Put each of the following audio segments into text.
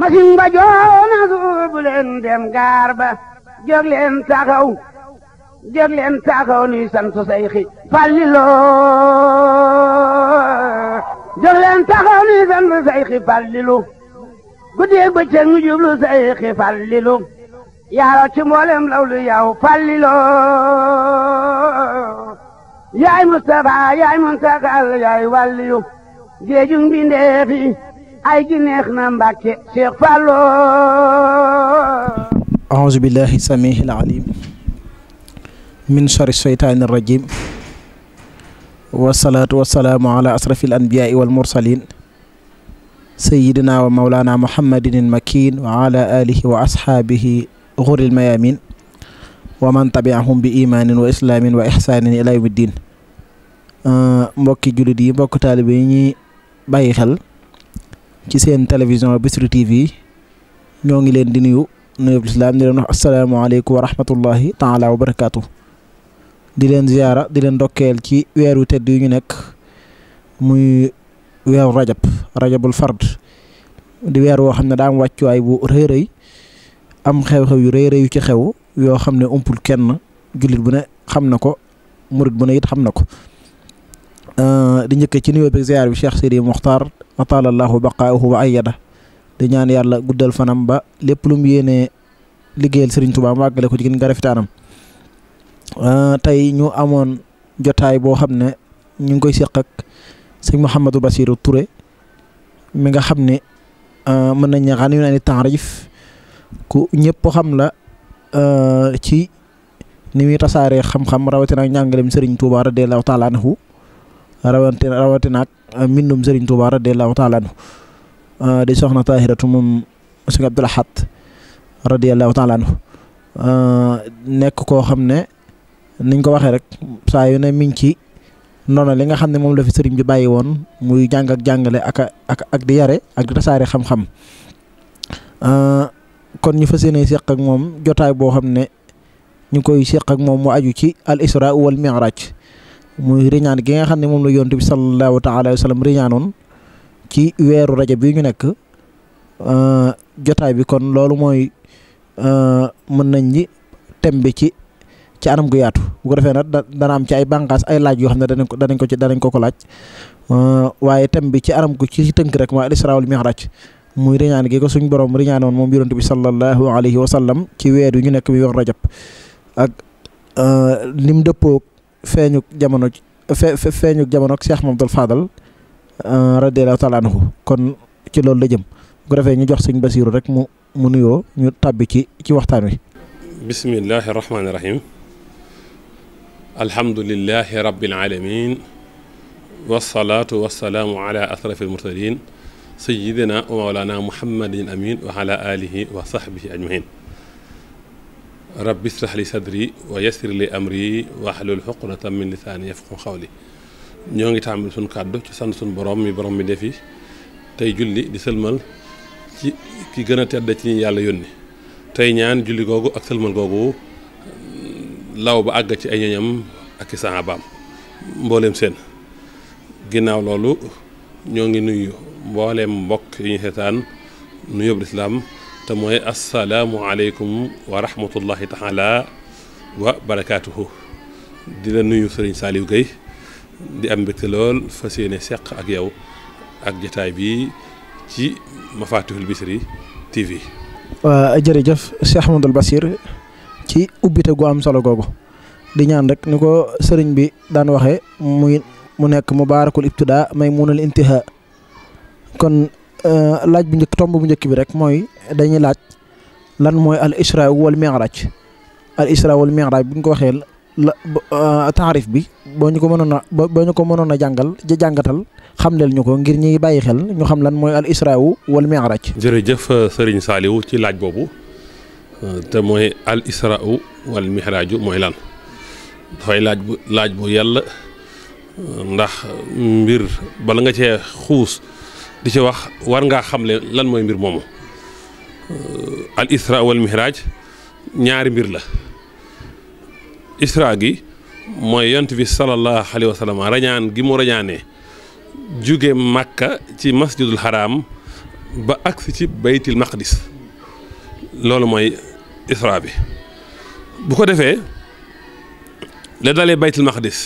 masin ba joona suubu leen dem gaar ba jóg leen taxaw jóg leen taxaw nuy sant sayxi Fallilo jóg leen taxaw nuy sant sayxi Fallilu guddeeg bëccëg ñu jublu sayxi Fallilu yaaro ci mboolem lawlu yow Fallilo yaay Mustafa yaay Muntakal yaay wàlliyu géejum bi ndeefi ay gi neex na Mbàkke Seex Fallu aouzu billahi samiihil aliim min sharri shaytaani rajiim wasalaatu wa mawlaana muhammadinil makiin wa ala wa ashaabihi xuril mayaamiin wa man tabiahum bi imaanin wa islaamin wa ihsaanin ilaa yawmi diin mbokki jullit yi mbokk taalibe yi ñuy bàyyi ci seen télévision Bichri TV ñoo ngi leen di nuyu nuyu lislaam di leen wax asalaamaaleykum wa rahmatullahi taala wa barakaatu di leen ziyaara di leen ndokkeel ci weeru tedd yu ñu nekk muy weeru rajab rajabul fard di weer woo xam ne daa am wàccuwaay bu rëy rëy am xew-xew yu rëy rëy yu ci xew yoo xam ne umpul kenn jullit bu ne xam na ko murit bu ne it xam na ko Euh, di njëkkee ci nuyoo bi ziar bi Cheikh Sidi Mokhtar ataalallahu baqaahu wa ayyada di ñaan yàlla guddal fanam ba lépp lu mu yéenee liggéeyal Serigne Touba mu àggale ko ci gën nga euh, tey ñu amoon jotaay boo xam ne ñu ngi koy seq ak sëñ Mouhamadou Bassirou Touré mi nga xam ne euh, mën nañ ñaxaan yu naa ni taarif ku ñëpp xam la ci ni muy tasaaree xam-xam rawatina ak njàngaleem Serigne Touba radiyallahu taala anhu rawatina rawatina ak eh, mbindum Serigne Touba radiyallahu taala anhu eh, di soxna Tahiratu moom Serigne Abdoul Ahad radiyallahu taala eh, nekk koo xam ne niñ ko waxee rek saa ne mi ngi ci noonu li nga xam ne moom la fi sëriñ bi bàyyi woon muy jàng jàngale ak ak ak di yare ak di tasaare xam-xam kon ñu fas yéene seq moom jotaay boo xam ne ñu koy seq ak moom mu aju ci al isra wal mi'raj muy riñaan ki nga xam ne moom la yonent bi sallallahu taala wa sallam riñaanoon ci weeru rajab bi ñu nekk euh, jotaay bi kon loolu mooy euh, mën nañ ñi thème bi ci ci anam gu yaatu bu ko defee nag dana am ci ay bànqaas ay laaj yoo xam ne danañ ko danañ ko ci danañ ko ko laaj euh, waaye thème bi ci anam gu ci tënk rek mooy al israa wal mi'raaj muy riñaan gi ko suñ borom riñaanoon moom yonent bi sallallahu alayhi wa sallam ci weer yu ñu nekk bi wax rajab ak lim dëppoo feeñu jamono fe feeñu jamono ak Cheikh Mamadou Fadal euh, kon ci loolu la jëm bu ko defee ñu jox sëñ Basiiru rek mu mu nuyoo ñu tàbbi ci ci waxtaan wi. bismillahi rahmaani rahim alhamdulillahi rabbil aalamiin wasalaatu wasalaamu ala asrafil mursaliin sayyidina wa mawlaana muhammadin amiin wa ala aalihi wa sahbihi ajmahiin rab rabbi israh li sadri wa wax loolu amri wahlul uqdatan min lisaani xaw qawli ñoo ngi tàmbali suñ kàddu ci sant suñ borom mi borom mi defi tey julli di sëlmal ci ki gën a tedd ci ñi yàlla yónni tey ñaan julli googu ak sëlmal googu law ba àgg ci ay ñoñam ak i sahabaam mbooleem seen ginnaaw loolu ñoo ngi nuyu mbooleem mbokk yi ñu seetaan nu yóbbu lislaam te mooy asalaamualeykum wa rahmatullahi taala wa barakaatuhu di la nuyu sëriñ Saliou Guèye di am mbégte lool fa yéene seq ak yow ak jataay bi ci Mafatihul Bichri TV. waa jërëjëf Cheikh Ahmadou Bachir ci ubbite gu am solo googu di ñaan rek ni ko sëriñ bi daan waxee mu nekk mubaarakul ibtidaa may munal intihaa Euh, laaj bu njëkk tomb bu njëkk bi rek mooy dañuy laaj lan mooy al isra wal mi'raj al isra wal mi'raj bu ñu ko waxee la euh, taarif bi boo ñu ko mënoon a ñu ko mënoon a jàngal ja jàngatal xamleel ñu ko ngir ñuy bàyyi xel ñu xam lan mooy al isra wal mi'raj. jërëjëf euh, sëriñ Saliou ci laaj boobu te mooy al isra wal mi'raj mooy lan dafay laaj bu laaj bu yàlla ndax mbir bala nga cee xuus. li ci wax war ngaa xamle lan mooy mbir moomu euh, al isra mihraj ñaari mbir la isra gi mooy yont bi sallallahu alayhi wa sallam rañaan gi mu rañaane jóge màkka ci masjidul haram ba agsi ci baytil maqdis loolu mooy isra bi bu ko defee la dalee baytil maqdis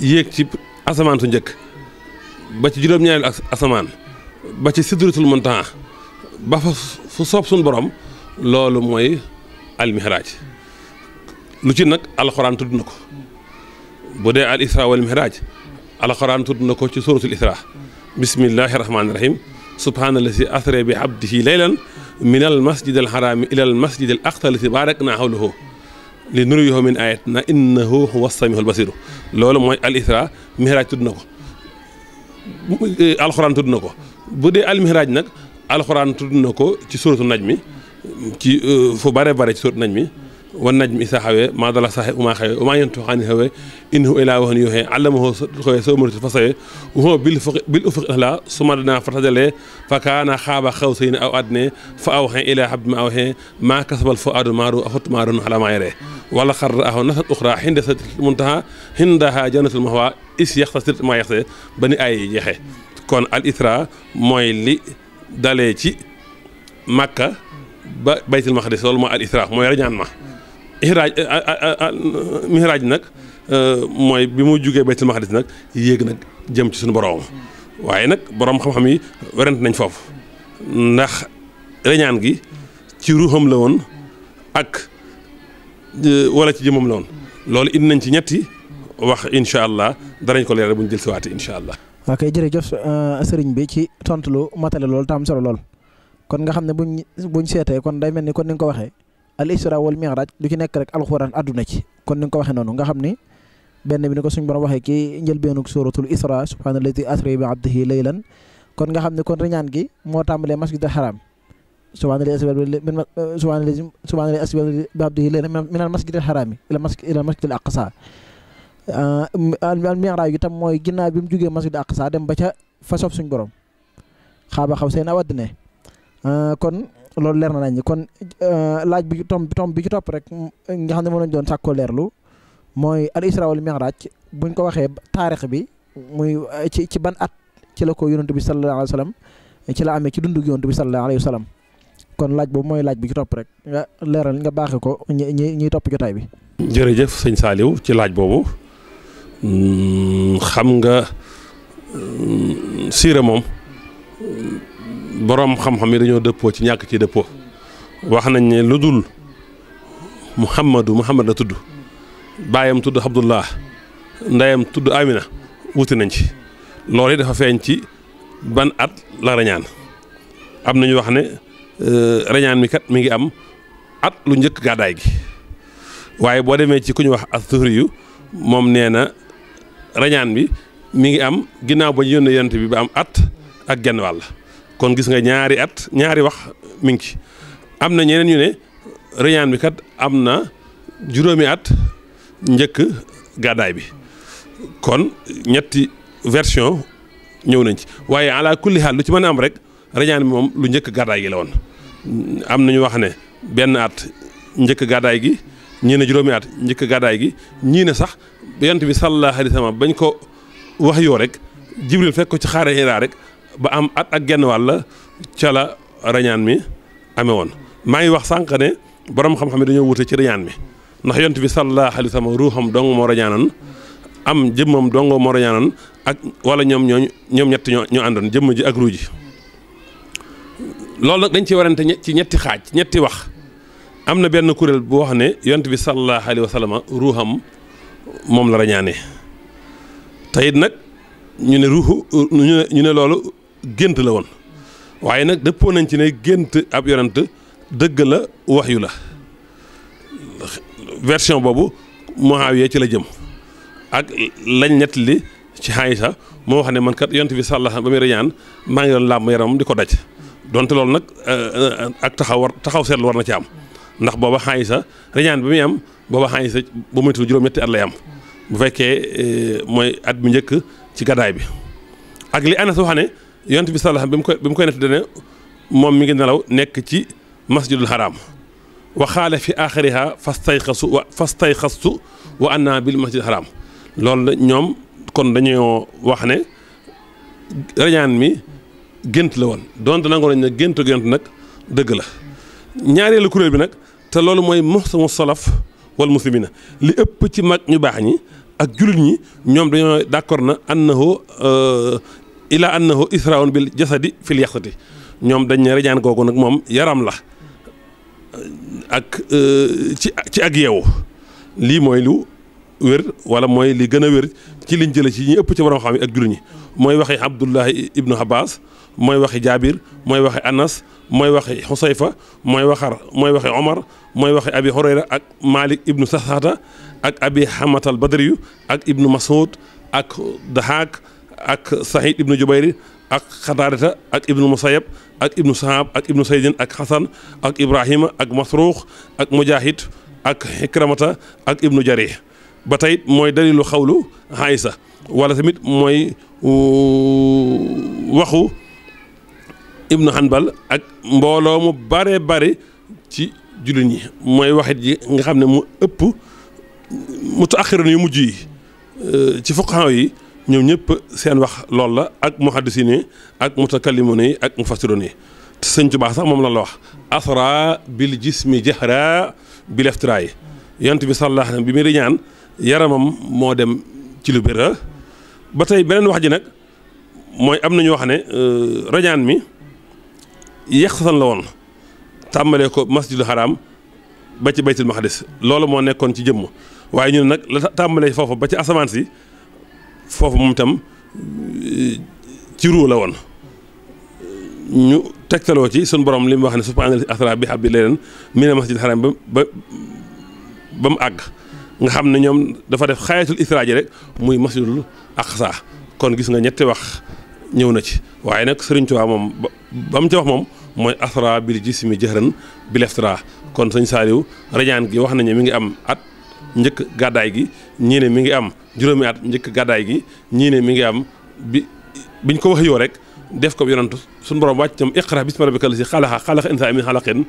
yéeg ci asamaan su njëkk ba ci juróom-ñaareelu asamaan ba ci sidratul muntaha ba fa fu soob suñu borom loolu mooy almihraaj lu ci nag alxuraan tudd na ko bu dee al isra wal mihraaj alxuraan tudd na ko ci suratul isra bismillahi rahmaani rahim subhaanallazi asra bi abdihi laylan min al masjid al xaraami ila al masjid al aqsa lazi baarakna hawlahu li nuriyahu min ayatina innahu huwa samiul basiru loolu mooy al isra mihraaj tudd na ko alxuraan tudd na ko bu dee almihraaj nag alxuraan tudd ko ci suratu naj mi ci euh, fu bare bare ci suratu naj mi wan naj mi isa xawee maa dala saxe umaa xawee umaa yentu xawee soo mënatu fa sawee waxoo bil fuq bil ufuq la su ma danaa fa tajalee fa kaana xaaba xaw sëy ne aw àddine fa awxee ilaa xab ma awxee maa kasabal fo aadu maaru afot maaru na xalaa maa yeree wala xar aho nasat uxra xinde sa muntaha xindaha jannatul mahwa is yax sa sirt maa yaxsee ba kon al isra mooy li dalee ci makka ba baytul maqdis loolu mooy al isra mooy rañaan ma ihraaj mihraaj nag euh, mooy bi mu jugee baytul maqdis nag yéeg nag jëm ci suñu boroom waaye nag boroom xam-xam yi werante nañ foofu ndax rañaan gi ci ruuxam la woon ak euh, wala ci jëmmam la woon loolu indi nañ ci ñetti wax incha allah danañ ko leeral bu ñu jël siwaate incha allah ok jërëjëf euh, sëriñ bi ci tontu lu matale lool tam solo lool kon nga xam ne buñ buñ seetee kon day mel ni kon ni nga ko waxee al isra wal mi'raj du ci nekk rek alxuraan àdduna ci kon ni nga ko waxee noonu nga xam ni benn bi ni ko suñ borom waxee ci njëlbeenug suratul isra subhaana allazi asra bi abdihi laylan kon nga xam ne kon riñaan gi moo tàmbalee masjidul haram subhaana allazi asra bi abdihi Euh, al mi'raaj itam mooy ginnaaw bi mu jógee masjid aqsa dem ba ca fa sof suñ borom xaaba xaw seen awadd ne euh, kon loolu leer na nañ kon euh, laaj bi tom tom bi ci topp rek mm, nga xam ne moo lañ doon sàkkoo leerlu mooy al isra wal mi'raaj buñ ko waxee taarix bi muy ci ci ban at ci la ko yonent bi sallallahu alayhi ci la amee ci dundu yonent bi sallallahu alayhi kon laaj boobu mooy laaj bi ci topp rek nga leeral nga baaxee ko ñi ñi ñiy topp jotaay Mm, xam nga mm, siira moom boroom xam-xam yi dañoo dëppoo ci ñàkk ci dëppoo wax nañ ne lu dul muhammadu muhammad la tudd baayam tudd abdullah ndeyam tudd amina wuti nañ ci loolu yi dafa feeñ ci ban at la rañaan am nañu wax ne euh, rañaan mi kat mi ngi am at lu njëkk gàddaay gi waaye boo demee ci ku ñu wax as zuhri moom nee na rañaan bi mi ngi am ginnaaw ba yónnee yonent bi ba am at ak genn wàll kon gis nga ñaari at ñaari wax mi ngi ci am na ñeneen ñu ne rañaan bi kat am na juróomi at njëkk gàddaay bi kon ñetti version ñëw nañ ci waaye ala kulli xaal lu ci mën am rek rañaan bi moom lu njëkk gàddaay gi la woon am nañu wax ne benn at njëkk gàddaay gi ñii ne juróomi at njëkk gàddaay gi ñii ne sax yonent bi sallallahu alayhi wa sallam bañ ko wax yoo rek jibril fekk ko ci xaare Hira rek ba am at ak genn wàll ca la rañaan mi amee woon maa ngi wax sànq ne borom xam-xam dañoo wute ci rañaan mi ndax yonent bi sallallahu alayhi wa sallam ruuxam dong moo rañaanan am jëmmam dong moo rañaanan ak wala ñoom ñooñu ñoom ñetti ñoo ñoo àndoon jëmm ji ak ruuji loolu nag dañ ci warante ci ñetti xaaj ñetti wax am na benn kuréel boo xam ne yonent bi sallallahu alayhi wa sallam ruuxam moom la rañaane te nag ñu ne ruuxu ñu ne loolu gént la woon waaye nag dëppoo nañ ci ne gént ab yonent dëgg la wax la version boobu Muawiya ci la jëm ak lañ nettali ci Aysa moo xam ne man kat yonent bi sallallahu ba muy rañaan maa ngi doon làmb yaramam di ko daj donte loolu nag euh, euh, ak taxaw war taxaw seetlu war na ci am ndax booba xaayisa rañaan bi muy am booba xaayisa ba moytul juróom-ñetti at lay am bu fekkee eh, mooy at bi njëkk ci gaddaay bi ak li anas wax ne yonent bi sallallahu alayhi wasallam bi mu koy nett dane moom mi ngi nelaw nekk ci masjidul haram waxaale fi aaxiriha fastayxasu wa fastayxastu wa anna bil masjidil haram loolu la ñoom kon dañoo wax ne rañaan mi gént la woon donte nangoo nañ ne gént gént nag dëgg la ñaareelu kuréel bi nag te loolu mooy muxsamu salaf wal muslimina li ëpp ci mag ñu baax ñi ak jullit ñi ñoom dañoo d'accord na annahu euh, ila annahu israun bil jasadi fil yaxsati ñoom dañ ne rejaan googu nag moom yaram la euh, ak euh, ci ci ak yeewu lii mooy lu wér wala mooy li gën a wér ci liñ jële ci ñi ëpp ci borom xam yi ak jullit ñi mooy waxi Abdullahi ibnu Abbas mooy waxi Jaabir mooy waxi Anas mooy waxi Xusayfa mooy waxar mooy waxe Omar mooy waxi Abi Hurayra ak Malik ibnu Saxaata ak Abi xamatal al Badriyu ak ibnu Masud ak Dahaak ak Saïd ibnu Jubayri ak Xataarita ak ibnu Musayab ak ibnu Sahab ak ibnu Saydin ak Xasan ak Ibrahima ak Masruux ak Mujahid ak Ikramata ak ibnu Jarih ba tey mooy dalilu xawlu Aïsa wala tamit mooy waxu ibnu Hanbal ak mbooloo mu bare bare ci jullit yi mooy waxit ji nga xam ne mu ëpp mutaaxiroon yu mujj yi ci fuqahaa yi ñoom ñëpp seen wax loolu la ak muhaddisiin yi ak mutakallimoon yi ak mufassiroon yi te sëñ sax moom la la wax asra bil jismi jahra bil iftiraa yi yonent bi sallallaahu alayhi wa bi muy di yaramam moo dem ci lu bëra ba tey beneen wax ji nag mooy am nañu wax ne rajaan mi yeex sasan la woon tàmbalee ko masjidul xaraam ba ci baytul maxadis loolu moo nekkoon ci jëmm waaye ñun nag la tàmbalee foofa ba ci asamaan si foofu moom itam eh, ci ruu la woon ñu tegtaloo ci suñ borom li mu wax ne subhaanal asra bi habbi leneen mina masjid xaram ba ba ba mu àgg nga xam ne ñoom dafa def xayatul isra ji rek muy masjidul aqsa kon gis nga ñetti wax ñëw na ci waaye nag Sëriñ Tuubaa moom ba mu ca wax moom mooy asra bil jismi jëxëran bil iftra kon sëñ saaliw rajaan gi wax nañu mi ngi am at njëkk gàddaay gi ñii ne mi ngi am juróomi at njëkk gàddaay gi ñiine ne mi ngi am bi biñ ko wax yoo rek def ko yonantu suñu borom wàcc tam iqra bismi rabbika lasi xalaqa xalaqa insa min xalaqin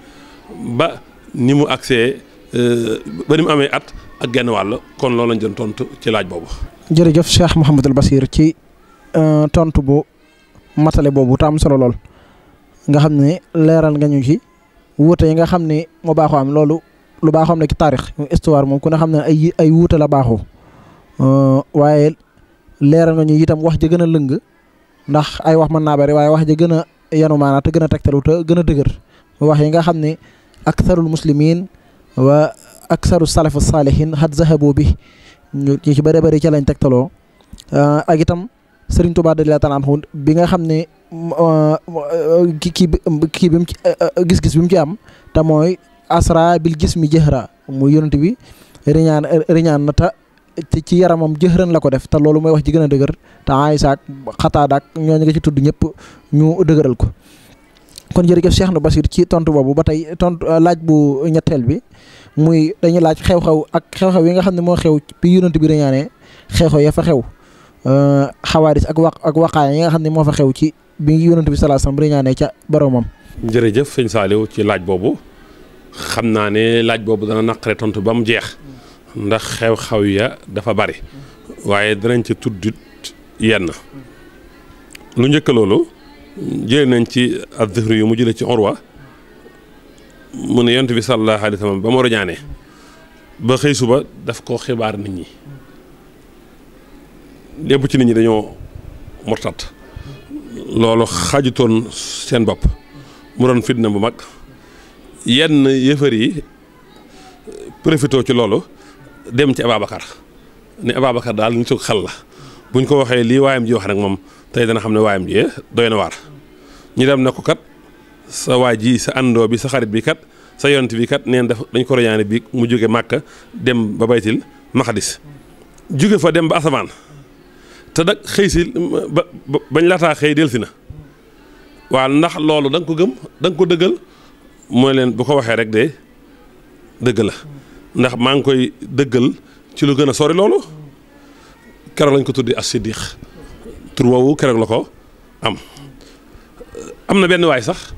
ba ni mu agsee euh, ba ni mu amee at ak genn wàll kon loolu lañ doon tontu ci laaj boobu. jërëjëf Cheikh Mouhamadul Basir ci euh, tontu bu matale boobu te solo lool. nga xam ne leeral nga ñu ci wuute yi nga xam ne mu baaxoo am loolu lu baaxoo am la ci taarix histoire moom ku ne xam ne ay ay wuute la baaxoo euh, waaye leeral nga ñu itam wax ji gën a lëng ndax ay wax mën naa bari waaye wax ji gën a yanu maanaa te gën a tegtalu te gën a dëgër wax yi nga xam ne aktharul muslimin wa aktharu salaf salihin xat zahabu bi ñu ci bëri bëri ci lañ tegtaloo euh, ak itam Sëriñ Tuubaa radiyallaahu taala bi nga xam ne ki kii kii bi mu ci eh, eh, gis-gis bi mu ci am te mooy asra bil gis mi jëxra muy yonent bi riñaan riñaan na ta ci yaramam jëxran la ko def te loolu mooy wax ji gën a dëgër te Aysa ak Xataada ak ñooñu nga ci tudd ñëpp ñu dëgëral ko kon jërëjëf Cheikh na Basir ci tontu boobu ba tey tont eh, laaj bu ñetteel bi muy dañuy laaj xew-xew ak xew-xew yi nga xam ne moo xew ci yonent bi riñaanee xew-xew ya fa xew xawaaris ak wax ak waqaay yi nga xam ne moo fa xew ci bi yonent bi sallallahu alayhi wasallam riñaane ca boromam. jërëjëf sëñ Saliou ci laaj boobu xam naa ne laaj boobu dana naqare tontu ba mu jeex ndax xew-xew ya dafa bari waaye danañ ca tuddut yenn lu njëkk loolu jëlee nañ ci az-Zuhri yu mu jëlee ci Urwa mu ne yonent bi sallallahu alayhi wasallam ba mu riñaane ba xëy suba daf ko xibaar nit ñi lépp ci nit ñi dañoo murtat loolu xajutoon seen bopp mu doon fitna bu mag yenn yëfër yi profitoo ci loolu dem ci Ababacar ne Ababacar daal ñu sug xel la buñ ko waxee lii waayam ji wax nag moom tey dana xam ne waayam ji doy na waar ñu dem ne ko kat sa waay ji sa àndoo bi sa xarit bi kat sa yonent bi kat neen daf dañ ko royaane bi mu jóge Màkka dem ba baytil Maxadis jóge fa dem ba asamaan te nag xëy si ba bañ laataa xëy delsi na waaw ndax loolu danga ko gëm da ko dëggal mooy leen bu ko waxee rek de dëgg la ndax maa ngi koy dëggal ci lu gën a sori loolu keroog lañ ko tuddee as siddiq tur woowu la ko am am na benn waay sax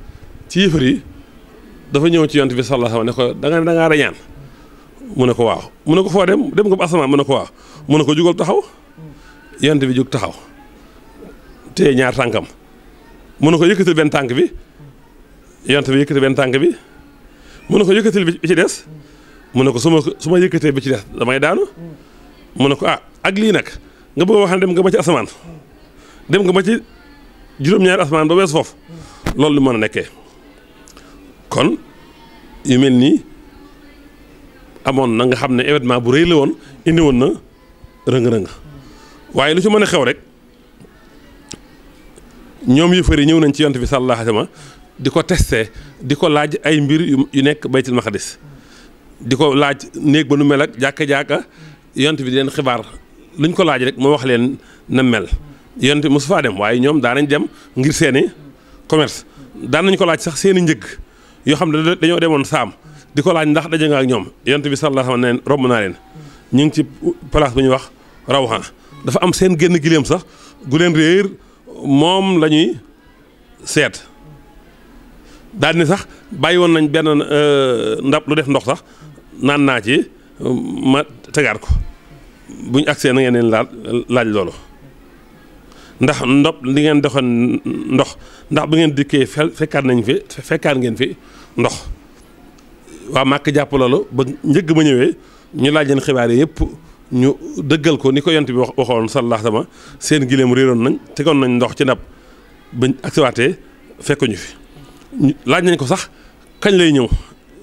ci yëfër yi dafa ñëw ci yonent bi sallallahu alayhi ne ko danga nga da reñaan mu ne ko waaw mu ne ko foo dem dem nga ba asamaan mu ne ko waaw mu ne ko jugal taxaw yonent bi jóg taxaw téye ñaar tànkam mu ne ko yëkkatil benn tànk bi yonent bi yëkkatil benn tànk bi mu ne ko yëkkatil bi ci des mu ne ko su ma su ma yëkkatee bi ci des damay daanu mu ne ko ah ak lii nag nga bëgg a wax ne dem nga ba ci asamaan dem nga ma ci juróom-ñaari asamaan ba wees foofu loolu lu mën a nekkee kon yu mel nii amoon na nga xam ne événement bu rëy la woon indi woon na rëng-rëng waaye lu si mën a xew rek ñoom yëfar yi ñëw nañ ci yonent bi sallallahu alayhi wa di ko testé di ko laaj ay mbir yu nekk baytul maqdis di ko laaj néeg ba nu mel ak jàkka jàkka yonent bi di xibaar luñ ko laaj rek moo wax leen na mel yonent bi mosu faa dem waaye ñoom daanañ dem ngir seeni commerce daan nañ ko laaj sax seeni njëg yoo xam ne dañoo demoon saam di ko laaj ndax daje nga ak ñoom yonent bi sallallahu alayhi wa ne romb naa leen ñu ngi ci place bu ñuy wax rawhan dafa am seen génn giléem sax gu leen réer moom la ñuy seet daal sax bàyyi woon nañ benn euh, ndab lu def ndox sax naan naa ci ma tegaat ko buñ ñu agsee na ngeen leen laaj laaj loolu ndax ndop li ngeen doxoon ndox ndax bu ngeen dikkee fe fekkaat nañ fi fekkaat ngeen fi ndox waa màkk jàpp loolu ba njëgg ba ñëwee ñu laaj leen xibaar yi yëpp ñu dëggal ko ni ko yent bi wax waxoon sallallahu alayhi wa sallam seen gileem réeroon nañ tegoon nañ ndox ci ndab bañ agsiwaatee fekkuñu fi laaj nañ ko sax kañ lay ñëw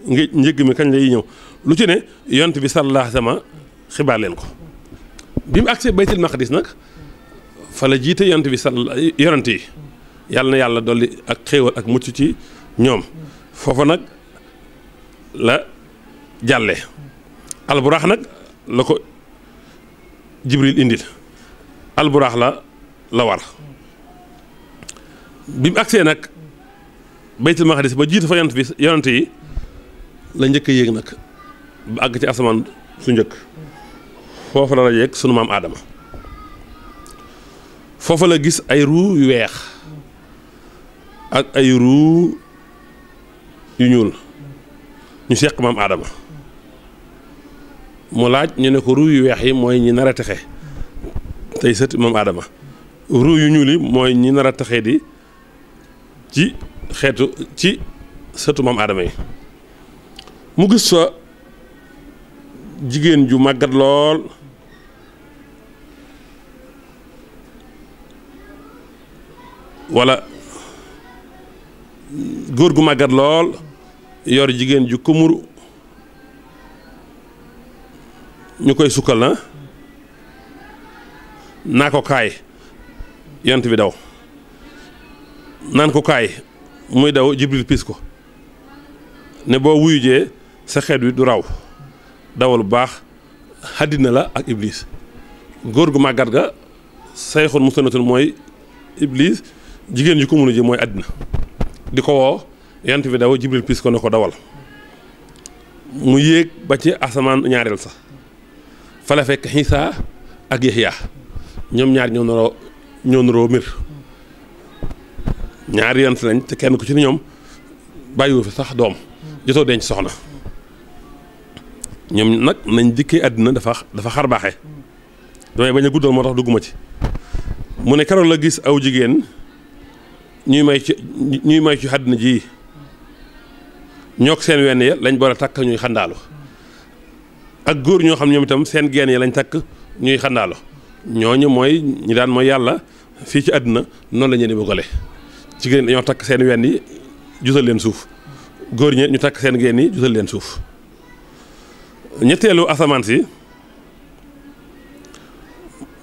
ngi njëgg mi kañ lay ñëw lu ci ne yont bi sallallahu alayhi wa sallam xibaar leen ko bi mu agsee baytil maqdis nag fa la jiite yont bi salla yonent yi yàlla na yàlla dolli ak xéewal ak mucc ci ñoom foofa nag la jàlle alburax nag la ko jibril indil alburaax la la war bi mu agsee nag baytul maqdis ba jiitu fa yonent bi yonent yi la njëkk yéeg nag ba àgg ci asamaan su njëkk foofu la la yéeg sunu maam aadama foofa la gis ay ruu yu weex ak ay ruu yu ñuul ñu seq maam aadama mu laaj ñu ne ko ruu yu weex yi mooy ñi nar a texe tey sët moom aadama ruu yu ñuul yi mooy ñi nar a texe di ci xeetu ci sëtu moom aadama yi mu gis fa jigéen ju màggat lool walla góor gu màggat lool yor jigéen ju kumuru ñu koy sukkal na naa ko kaay yant bi daw naan ko kaay muy daw jibril piis ko ne boo wuyu sa xeet wi du raw dawal bu baax xaddina la ak iblis góor gu màggat ga sayxul musanatul mooy iblis jigéen yu ko munu ji mooy àddina di kowoo yant bi daw jibril piis ko ne ko dawal mu yéeg ba ci asamaan ñaareel sax fa fekk Xiisa ak Yaxya ñoom ñaar ñoo naroo ñoo naroo mbir ñaari yant lañ te kenn ku ci ni ñoom bàyyiwu fi sax doom jotoo denc soxna ñoom nag nañ dikkee àddina dafa dafa xar baaxe damay bañ a guddal moo tax dugguma ci mu ne keroog la gis aw jigéen ñuy may ci ñuy may ci àddina ji ñook seen wenn ya lañ boole takk ñuy xandaalu ak góor ñoo xam ñoom itam seen geen yi lañ takk ñuy xandaalo ñooñu mooy ñi daan mooy yàlla fii ci àdduna noonu la ñu di bëggale jigéen dañoo takk seen wenn yi jusal leen suuf góor ñi ñu takk seen geen yi jusal leen suuf ñetteelu asamaan si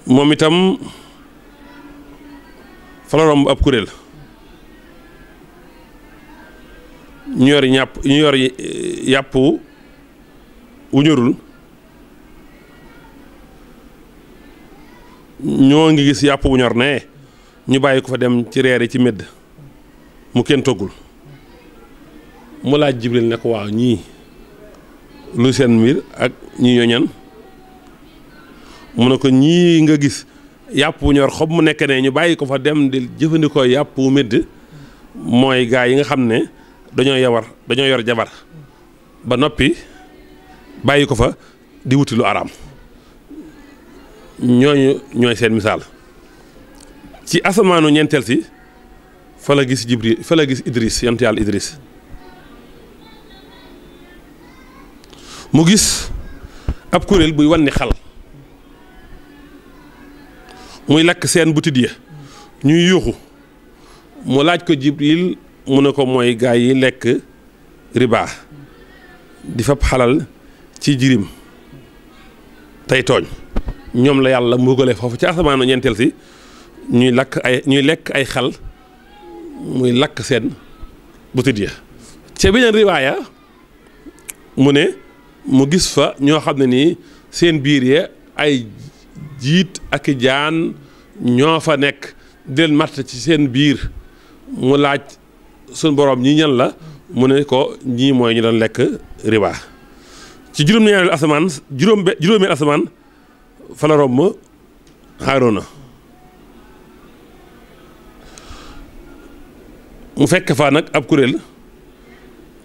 moom itam falarom bu ab kuréel ñu yor ñàpp ñu yor yàpp wu ñorul ñoo ngi gis yàpp wu ñor ñu bàyyi ko fa dem ci reer ci medd mu kenn toggul mu laaj Jibril ne ko waaw ñii lu seen mbir ak ñi ñoñan mu ne ko ñii nga gis yàpp wu ñor xob mu nekk ne ñu bàyyi ko fa dem di jëfandikoo yàpp wu medd mooy gaa yi nga xam ne dañoo yawar dañoo yor jabar ba noppi bàyyi ko fa di wuti lu araam ñooñu ñooy seen misaal ci asamaanu ñenteel si fa gis Jibril fa la gis Idris yonent yàlla Idris mu gis ab kuréel buy wanni xal muy lakk seen butit ya ñuy yuuxu mu laaj ko Jibril mu ne ko mooy gaa yi lekk ribaa di fab xalal ci jirim tey tooñ ñoom la yàlla mbugalee foofu ci asamaanu ñeenteel si ñuy lakk ay ñuy lekk ay xal muy lakk seen butit ya ca beneen riwaaya mu ne mu gis fa ñoo xam ne nii seen biir ya ay jiit ak i jaan ñoo fa nekk di leen màtt ci seen biir mu laaj sun boroom ñi ñan la mu ne ko ñii mooy ñu doon lekk riba ci juróom-ñaareelu asamaan juróom juróomeel asamaan fa la romb Haaruna mu fekk fa nag ab kuréel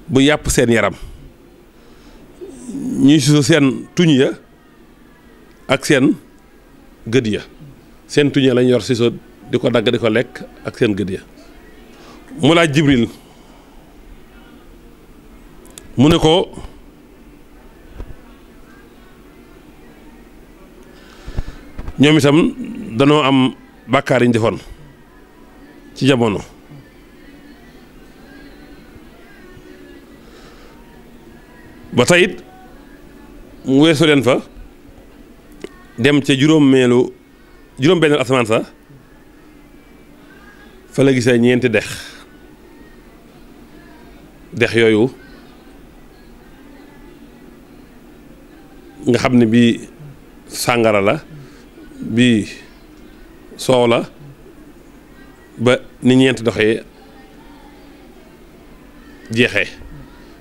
bu yàpp seen yaram ñuy suusa seen tuñ ya ak seen gët ya seen tuñ ya lañ yor si so di ko dagg di ko lekk ak seen gëd ya mu laaj Jibril mu ne ko ñoom itam danoo am bàkkaar yi ñu ci jamono ba tey mu weesu leen fa dem ca juróom-meelu juróom-benn asamaan sa fa la gisee ñeenti dex dex yooyu nga xam ni bii sàngara la. bii soow la ba ni ñeent doxee jeexee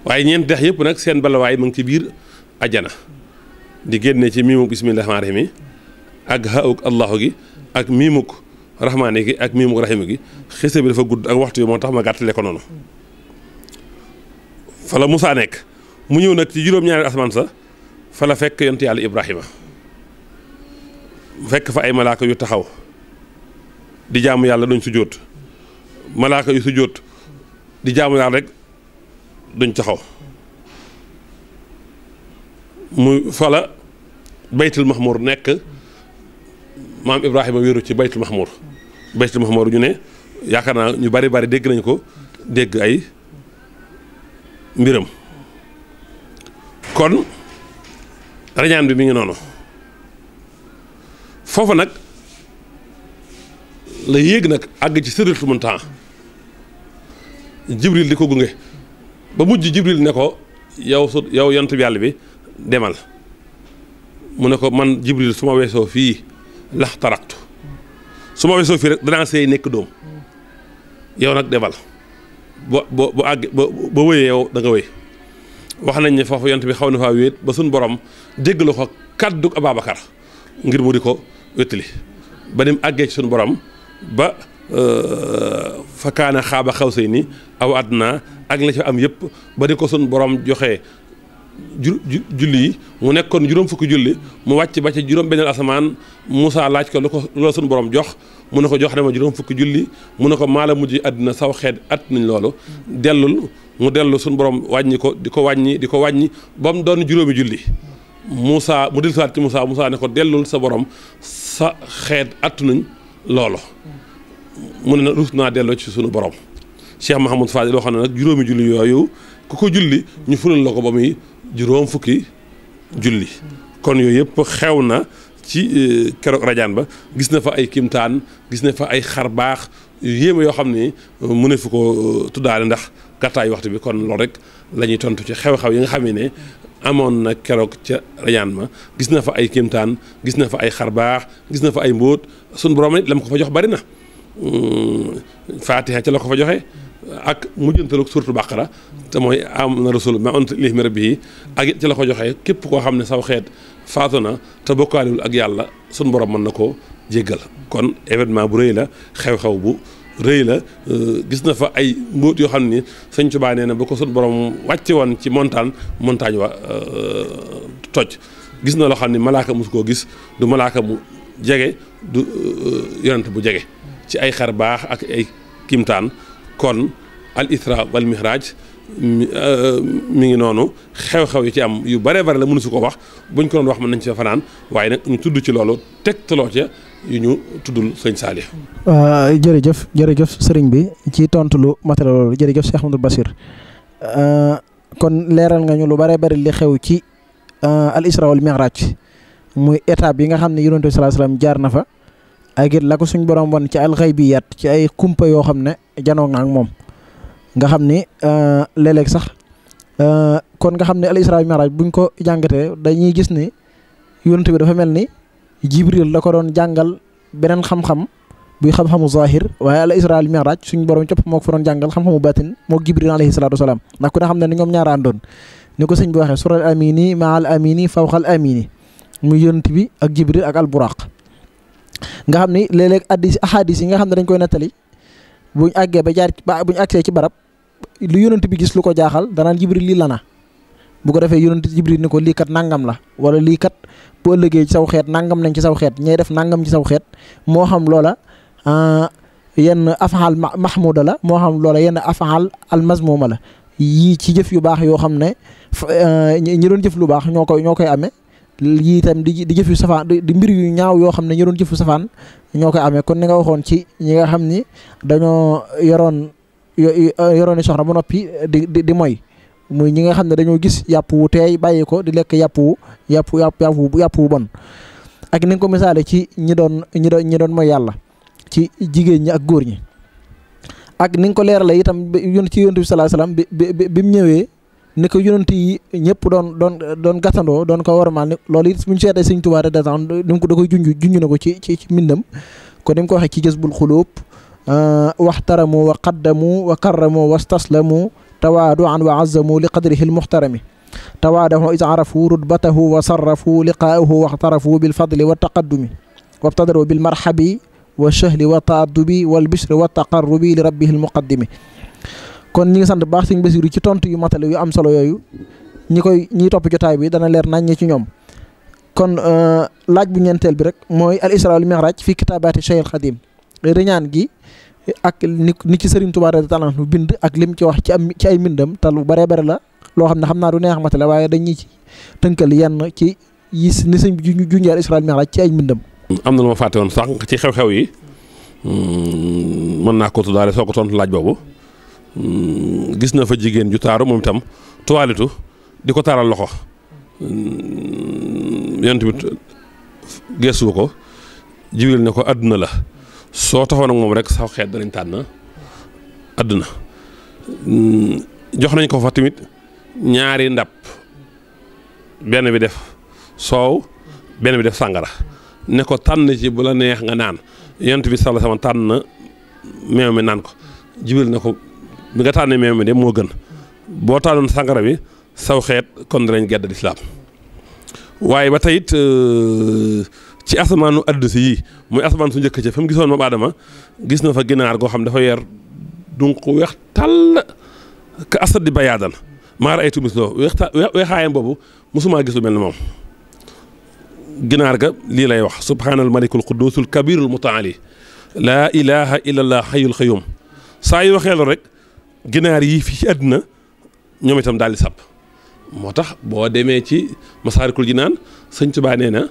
waaye ñeent dex yëpp nag seen balawaay mu ngi ci biir ajana di génne ci miimuk bismillahi rahmaani rahimi ak hauk allahu gi ak miimuk rahmaani gi ak miimuk rahimi gi xese bi dafa gudd ak waxtu yi moo tax ma gàttale ko noonu fa la Musaa nekk mu ñëw nag ci juróom-ñaari asmaan sa fa la fekk yontu yàlla Ibrahima fekk fa ay malaaka yu taxaw di jaamu yàlla duñ sujjóot malaaka yu sujjóot di jaamu yàlla rek duñ taxaw mu fala baytul mahmur nekk maam Ibrahima wéeru ci baytul mahmur baytul mahmur ñu ne yaakaar naa ñu bari bari dégg nañu ko dégg ay mbiram kon rañaan bi mi ngi noonu foofa nag la yéeg nag àgg ci sëritu muntaa jibril di ko gunge ba mujj jibril ne ko yow su yow yontu yàlla bi demal mu ne ko man jibril su ma weesoo fii lax taraxtu su ma weesoo fii rek danaa seey nekk doom yow nag demal ba ba ba àgg ba ba wëyee yow da nga wax nañ ne foofu yont bi xaw na faa wéet ba suñ borom la ko kàddu Ababacar ngir mu di ko wétali ba nim àggee ci suñu borom ba euh, fa kaana xaaba xaw say ni aw àdduna ak la ci am yëpp ba ni ko suñ borom joxee ju julli yi mu nekkoon juróom fukki julli mu wàcc ba ci juróom benn asamaan Moussa laaj ko ko loo suñu borom jox mu ne ko jox dama juróom fukki julli mu ne ko maala mujj àddina saw xeet at nañ loolu dellul mu dellu suñu borom wàññi ko di ko wàññi di ko wàññi ba mu doon juróomi julli Moussa mu dellusiwaat ci musaa Moussa ne ko dellul sa borom sa xeet attunañ loolo mu ne na ruus naa delloo ci sunu borom Cheikh Mahamadou Fadil waxoon ne nag juróomi julli yooyu ku ko julli ñu fulal la ko ba muy juróom fukki julli kon yooyu yëpp xew na ci e, keroog rajaan ba gis na fa ay kimtaan gis na fa ay xar baax yéeme yoo xam ni mu ne fu ko tuddaale ndax gàttaayu waxtu bi kon loolu rek lañuy tontu ci xew-xew yi nga xam ne amoon na keroog ca rayaan ma gis na fa ay kéemtaan gis na fa ay xar baax gis na fa ay mbóot suñ borom nit la mu ko fa jox bari na hmm, faatiha ca la ko fa joxe ak mujjantalu surtu ra te mooy am na rasul ma ont ilih mi rabbi yi ak it ca la ko joxe képp koo xam ne saw xeet faatu na te bokkaaliwul ak yàlla suñ borom mën na koo jéggal kon événement bu rëy la xew-xew bu rëy la euh, gis na fa ay mbóot yoo xam ni sëñ Tuubaa nee na ba ko sut borom wàcce woon ci montagne montagne wa euh, toj gis na loo xam ni malaaka mosu koo gis du malaaka mu jege du euh, yonent bu jege ci ay xar baax ak ay kimtaan kon al isra wal mihraj mi ngi noonu xew-xew yi ci am yu bare bare la mënu su ko wax buñ ko doon wax mën nañ ci fanaan waaye nag ñu tudd ci loolu tegtaloo ca yu ñu tuddul sëñ Saliou. Euh, jërëjëf jërëjëf sëriñ bi ci tontu lu matériel loolu jërëjëf Cheikh Amadou Bassir euh, kon leeral nga ñu lu bare bari li xew ci euh, al isra wal muy étape bi nga xam ne yonent bi sallallahu na fa ak it la borom wan ci al ghaybiyat ci ay kumpa yoo xam ne janoo nga ak moom nga xam ni léeg-léeg sax kon nga xam ne al isra wal mi'raj buñ ko jàngatee dañuy gis ni yonent bi dafa mel ni. jibril la ko doon jàngal beneen xam-xam buy xam-xamu zahir waaye al isra al mi'raj suñu borom copp moo ko doon jàngal xam-xamu batin moo jibril alayhi salaatu wasalaam ndax ku ne xam ne ni ñoom ñaaraan doon ni ko sëñ bi waxee sural amini ma al amini fawqa al muy yonent bi ak jibril ak al buraq nga xam ni léeg-léeg yi nga xam ne dañ koy nettali buñ àggee ba jaar ba buñ àgsee ci barab lu yonent bi gis lu ko jaaxal danaan jibril lii la na bu ko defee yonent jibril ni ko lii kat nangam la wala lii kat bu ëllëgee ci saw xeet nangam lañ ci saw xeet ñay def nangam ci saw xeet moo xam loola ah, yenn afaal mahmuda la moo xam loola yenn afaal al mazmuma la yii ci jëf yu baax yoo xam ne ah, ñi doon jëf lu baax ñoo koy ñoo koy amee yii itam di di jëf yu safaan di mbir yu ñaaw yoo xam ne ñi doon jëf safaan ñoo koy amee kon ni nga waxoon ci ñi nga xam ni dañoo yoroon yoroon i soxna ba noppi di di moy muy ñi nga xam ne dañoo gis yàpp wu teey bàyyi ko di lekk yàpp wu yàpp yàpp yàpp wu bon ak ni ko misaale ci ñi doon ñi doon ñi mooy yàlla ci jigéen ñi ak góor ñi ak ni nga ko leerale itam yón ci yonent bi sallallahu alayhi wasallam bi bi mu ñëwee ni ko yonent yi ñëpp doon doon doon gàttandoo doon ko warmaal ni loolu it bu ñu seetee Sëñ Tuubaa da ko da koy junj junj na ko ci ci ci mbindam kon ni ko waxee ci Jazbul Xuluub euh, waxtaramu wa qaddamu wa karramu wastaslamu tawaaduan wa azamu li qadrihi almuxtarami tawaadahu is arafu rutbatahu wa sarrafu liqaahu waxtarafu bilfadli waltaqaddumi wabtadaru bilmarxabi wa chahli wa taaddubi wal bishri wa taqarrubi li rabbihi almuqaddimi kon ñi ngi sant baax sëñ Basiru ci tontu yu matale yu am solo yooyu ñi koy ñiy topp jotaay bi dana leer nañ ñi ci ñoom kon euh, laaj bu ñeenteel bi rek mooy al isra wal mi'raj fi kitaabaati Cheikh al Xadim riñaan gi ak ni ni ci sëriñ Touba Rêves de bind ak lim ci wax ci am ci ay mbindam te lu bare bare la loo xam ne xam naa du neex matale waaye dañ dañuy ci tënkal yenn ci yi ni sëñ bi ju junjaar Israël Mi'raaj ci ay mbindam. am na lu ma fàtte woon sax ci xew-xew yi hmm, mën naa ko tuddaale soo ko tontu laaj boobu hmm, gis na fa jigéen ju taaru moom itam tuwaalitu di ko taaral loxo hmm, yéen tamit geesu ko jiwil ne ko àdduna la. soo taxawoon ak moom rek saw xeet danañ tànn àdduna mm, jox nañ ko fa tamit ñaari ndab benn bi def soow benn bi def sàngara ne ko tànn ci bu la neex nga naan yonent bi sala sama tànn meew mi naan ko jibril na ko bi nga tànnee meew mi de moo gën boo tànnoon sàngara bi saw xeet kon danañ gedd lislaam waaye ba tey euh, ci asamaanu àdduna si yii muy asamaan su njëkk ca fi mu gisoon moom aadama gis na fa ginaar goo xam dafa yer dunq weex tàll ka asad di bayaadan maar ay tumis loo weexaayam boobu mosumaa gis lu mel ne moom ginaar ga lii lay wax subhaanal malikul qudusul kabirul mutaali laa ilaha illallah xayul xayum saa yu waxee rek ginaar yii fii ci àdduna ñoom itam daal di sàpp moo tax boo demee ci masaarikul jinaan sëñ Tuubaa nee na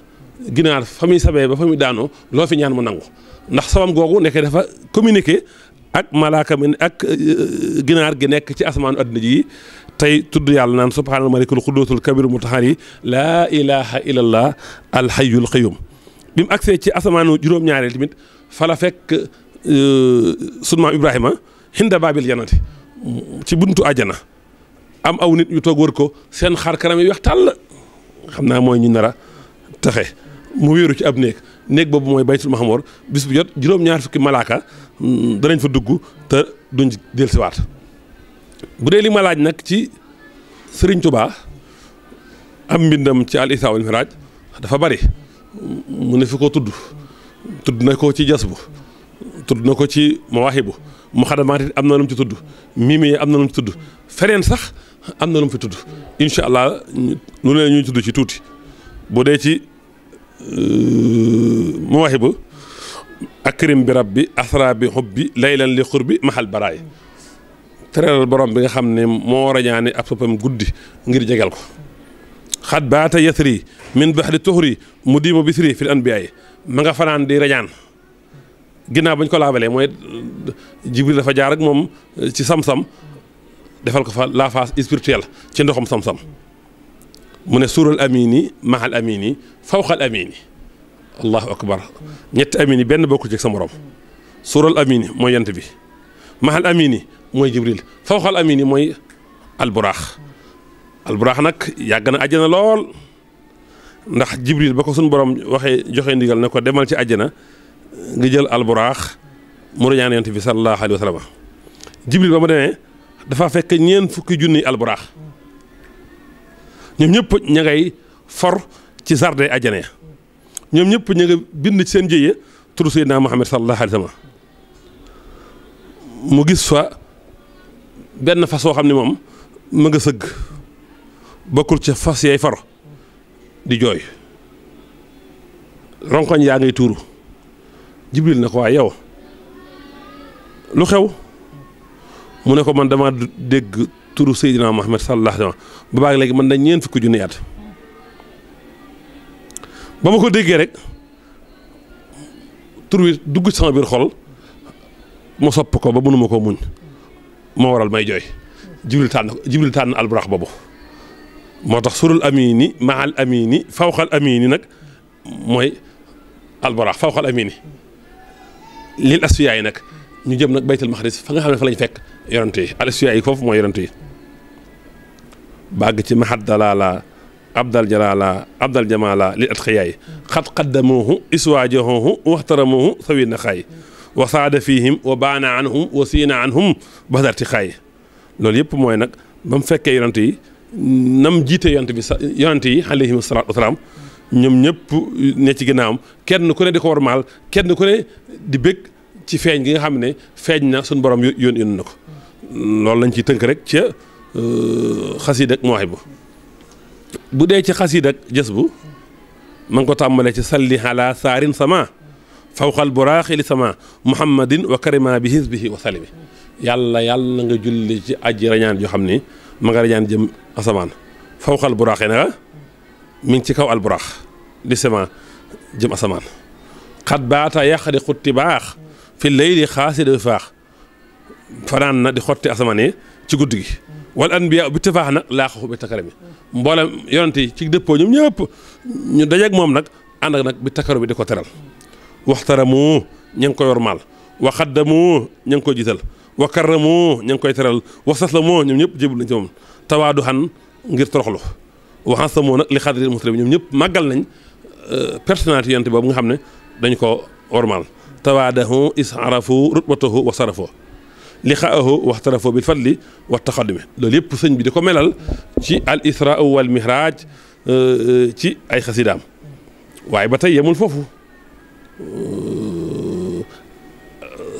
ginaar fa muy sabee ba fa muy daanoo loo fi ñaan mu nangu ndax sabam googu nekkee dafa communiqué ak malaaka mi ak euh, ginaar gi nekk ci asmaanu adduna ji tey tudd yàlla naan subhaanal malikul quddoosul kabiru mutahhar yi laa ilaha illallah bi mu agsee ci asamaanu juróom-ñaareel tamit fala fekk euh, sunu Ibrahima hinda baabil janati ci buntu àjjana am aw nit ñu toog wër ko seen xar kanam yi weex xam naa mooy ñu nara taxe mu wéeru ci ab néeg néeg boobu mooy bay baytul maxamoor bis bu jot juróom-ñaar fukki malaaka mm, danañ fa dugg te duñ dellusiwaat bu dee li malaaj nag ci Sëriñ Tubaa am mbindam ci al Israa wal dafa bari mu ne fi ko tudd tudd na ko ci jas tudd na ko ci mawaahibu mu xadamaati am na lu ci tudd miimi yi am na lu ci tudd feneen sax am na lu fi tudd incha allah lu leen ñuy tudd ci tuuti bu dee ci ba euh, mawaahibu akrim bi rabbi asra bi hubbi laylan li bi mahal baraay tereeral borom bi nga xam ne moo rañaane ab mu guddi ngir jegal ko xat baata yasri min baxdi tuxri mu diimu bisri fil anbiyaay ma nga fanaan di rañaan ginnaaw bañ ko laabalee mooy jibril dafa jaar ak moom ci sam-sam defal ko fa la phase spirituelle ci ndoxum sam-sam mu ne suural amini mahal amini fawqal amini allahu akbar ñetti amini benn bokkul ci sa morom suural amini mooy yant bi mahal amini mooy jibril fawqal amini mooy alburaax alburaax nag yàgg na na lool ndax jibril ba ko suñ borom waxee joxe ndigal ne ko demal ci àjjana nga jël alburaax mu rañaan bi sallallahu alayhi wa jibril ba mu demee dafa fekk ñeent fukki junniy alburaax ñoom ñëpp ña ngay for ci sarde ajjana ya ñoom ñëpp ña bind seen jëye turu Seydina Muhammad sallallahu alayhi wa mu gis fa benn fas woo xam ne moom mu nga sëgg bokkul ci fas yay for di jooy ronkoñ yaa ngay tuuru Jibril na ko waa yow lu xew mu ne ko man dama dégg turu Seydina Muhammad sallallahu alayhi wa sallam bu baax léegi man dañ ñeent fukki junni at ba ma ko déggee rek tur wi dugg sama biir xol ma sopp ko ba mënuma koo muñ moo waral may jooy jibril tànn jibril tànn alburax boobu moo tax surul amini maal amini fawqal amini nag mooy alburax fawqal amini lil asfiyaa yi nag ñu jëm nag baytul maqdis fa nga xam ne fa lañ fekk yonante yi al asfiyaa foofu mooy yonante yi bàgg ci maxat dalaala abdal jalaala abdal jamaala li at xiyaay xat xaddamoohu iswaajahoohu waxtaramoohu sawi na xaay wa saada fihim wa baana anhum wa anhum badarti xaay loolu yëpp mooy nag ba mu fekkee yonent yi nam jiite yonent bi sa yonent yi alayhim wasalaam ñoom ñëpp ne ci ginnaawam kenn ku ne di ko warmaal kenn ku ne di bëgg ci feeñ gi nga xam ne feeñ na suñ borom yoon yoon na ko loolu lañ ciy tënk rek xasiida ak mawhiba bu dee ci xasiida ak jës bu ma ngi ko tàmbalee ci salli ala saarin sama fawqal buraaxi li sama muhammadin wa karima bi hisbihi wa salimi yàlla yàlla nga julli ci aji joo xam ni ma nga rañaan jëm asamaan fawqal buraaxi na mi ngi ci kaw al buraax li sama jëm asamaan xat baata yàqdi xutti baax fi lay di xaasi faax fanaan na di xotti asamaan yi ci guddi gi wal anbiya bi tifaax nag laa xaxu bi takkara bi mboolem yonent yi ci dëppoo ñoom ñëpp ñu dajeeg moom nag ànd ak nag bi takkaru bi di ko teral waxtaramu ña ngi koy wormaal wa xaddamu ña ngi koy jiital wa karramu ña ngi koy teral wa moo ñoom ñëpp jébul nañ ci moom tawaadu xan ngir toroxlu waxan samoo nag li xadri muslim ñoom ñëpp màggal nañ euh, personnalité yonent boobu nga xam ne dañ ko wormaal tawaadahu is arafu rutbatahu wa sarafo li xa liqaahu waxtarafoo bil li wa taqadumi loolu yëpp sëñ bi di ko melal ci al israa wal mihraaj euh, ay xasidaam waaye ba tey yemul foofu euh,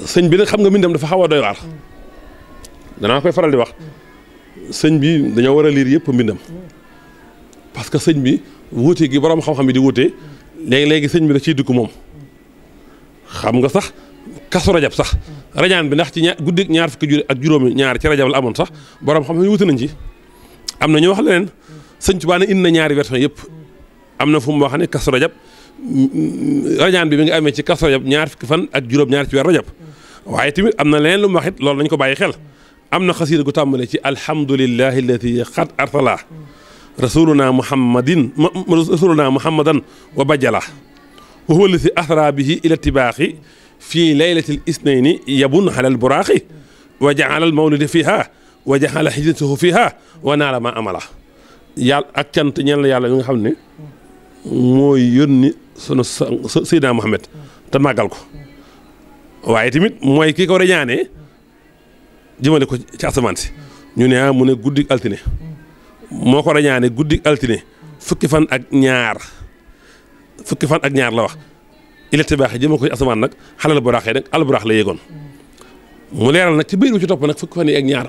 sëñ bi nag xam nga mbindam dafa xaw a doy waar danaa koy faral di wax sëñ bi dañoo war a liir yëpp mbindam parce que sëñ bi wuute gi borom xam-xam yi di wuute léegi léegi sëñ bi da ciy dugg moom xam nga sax. kasu rajab sax rajaan bi ndax ci ña guddi ñaar fukki jur ak juróomi ñaar ci rajab la amoon sax borom xam-xam yi wuti nañ ci am na ñu wax leneen sëñ Tuubaa ne indi na ñaari version yëpp am na fu mu wax ne kasu rajab mm, rajaan bi mi ngi amee ci kasu rajab ñaar fukki fan ak juróom ñaar ci weer rajab waaye tamit am na leen lu mu wax lool loolu nañ ko bàyyi xel am na xasiida gu tàmbale ci alhamdulillahi alladi xat artala rasuluna muhammadin rasuluna muhammadan wa bajala wa huwa alladi asra bihi ila tibaaxi fii laylatil isnayni yabun alal buraaxi wa jaalal mawlida fiiha wa jaala xijratahu fiiha wa naala ma amala yàlla ak cant ñeen la yàlla mi nga xam ne mooy yónni sunu Seydina Muhammad te tamit mooy ki ko reñaanee si ñu ne ah mu ne guddi altine moo ko reñaane guddi altine fukki fan ak ñaar fukki fan ak ñaar la wax ilati baax jëma ko ci asamaan nag xalal buraax yi nag alburaax la yéegoon mu leeral nag ci biir wu ci topp nag fukki fan yi ak ñaar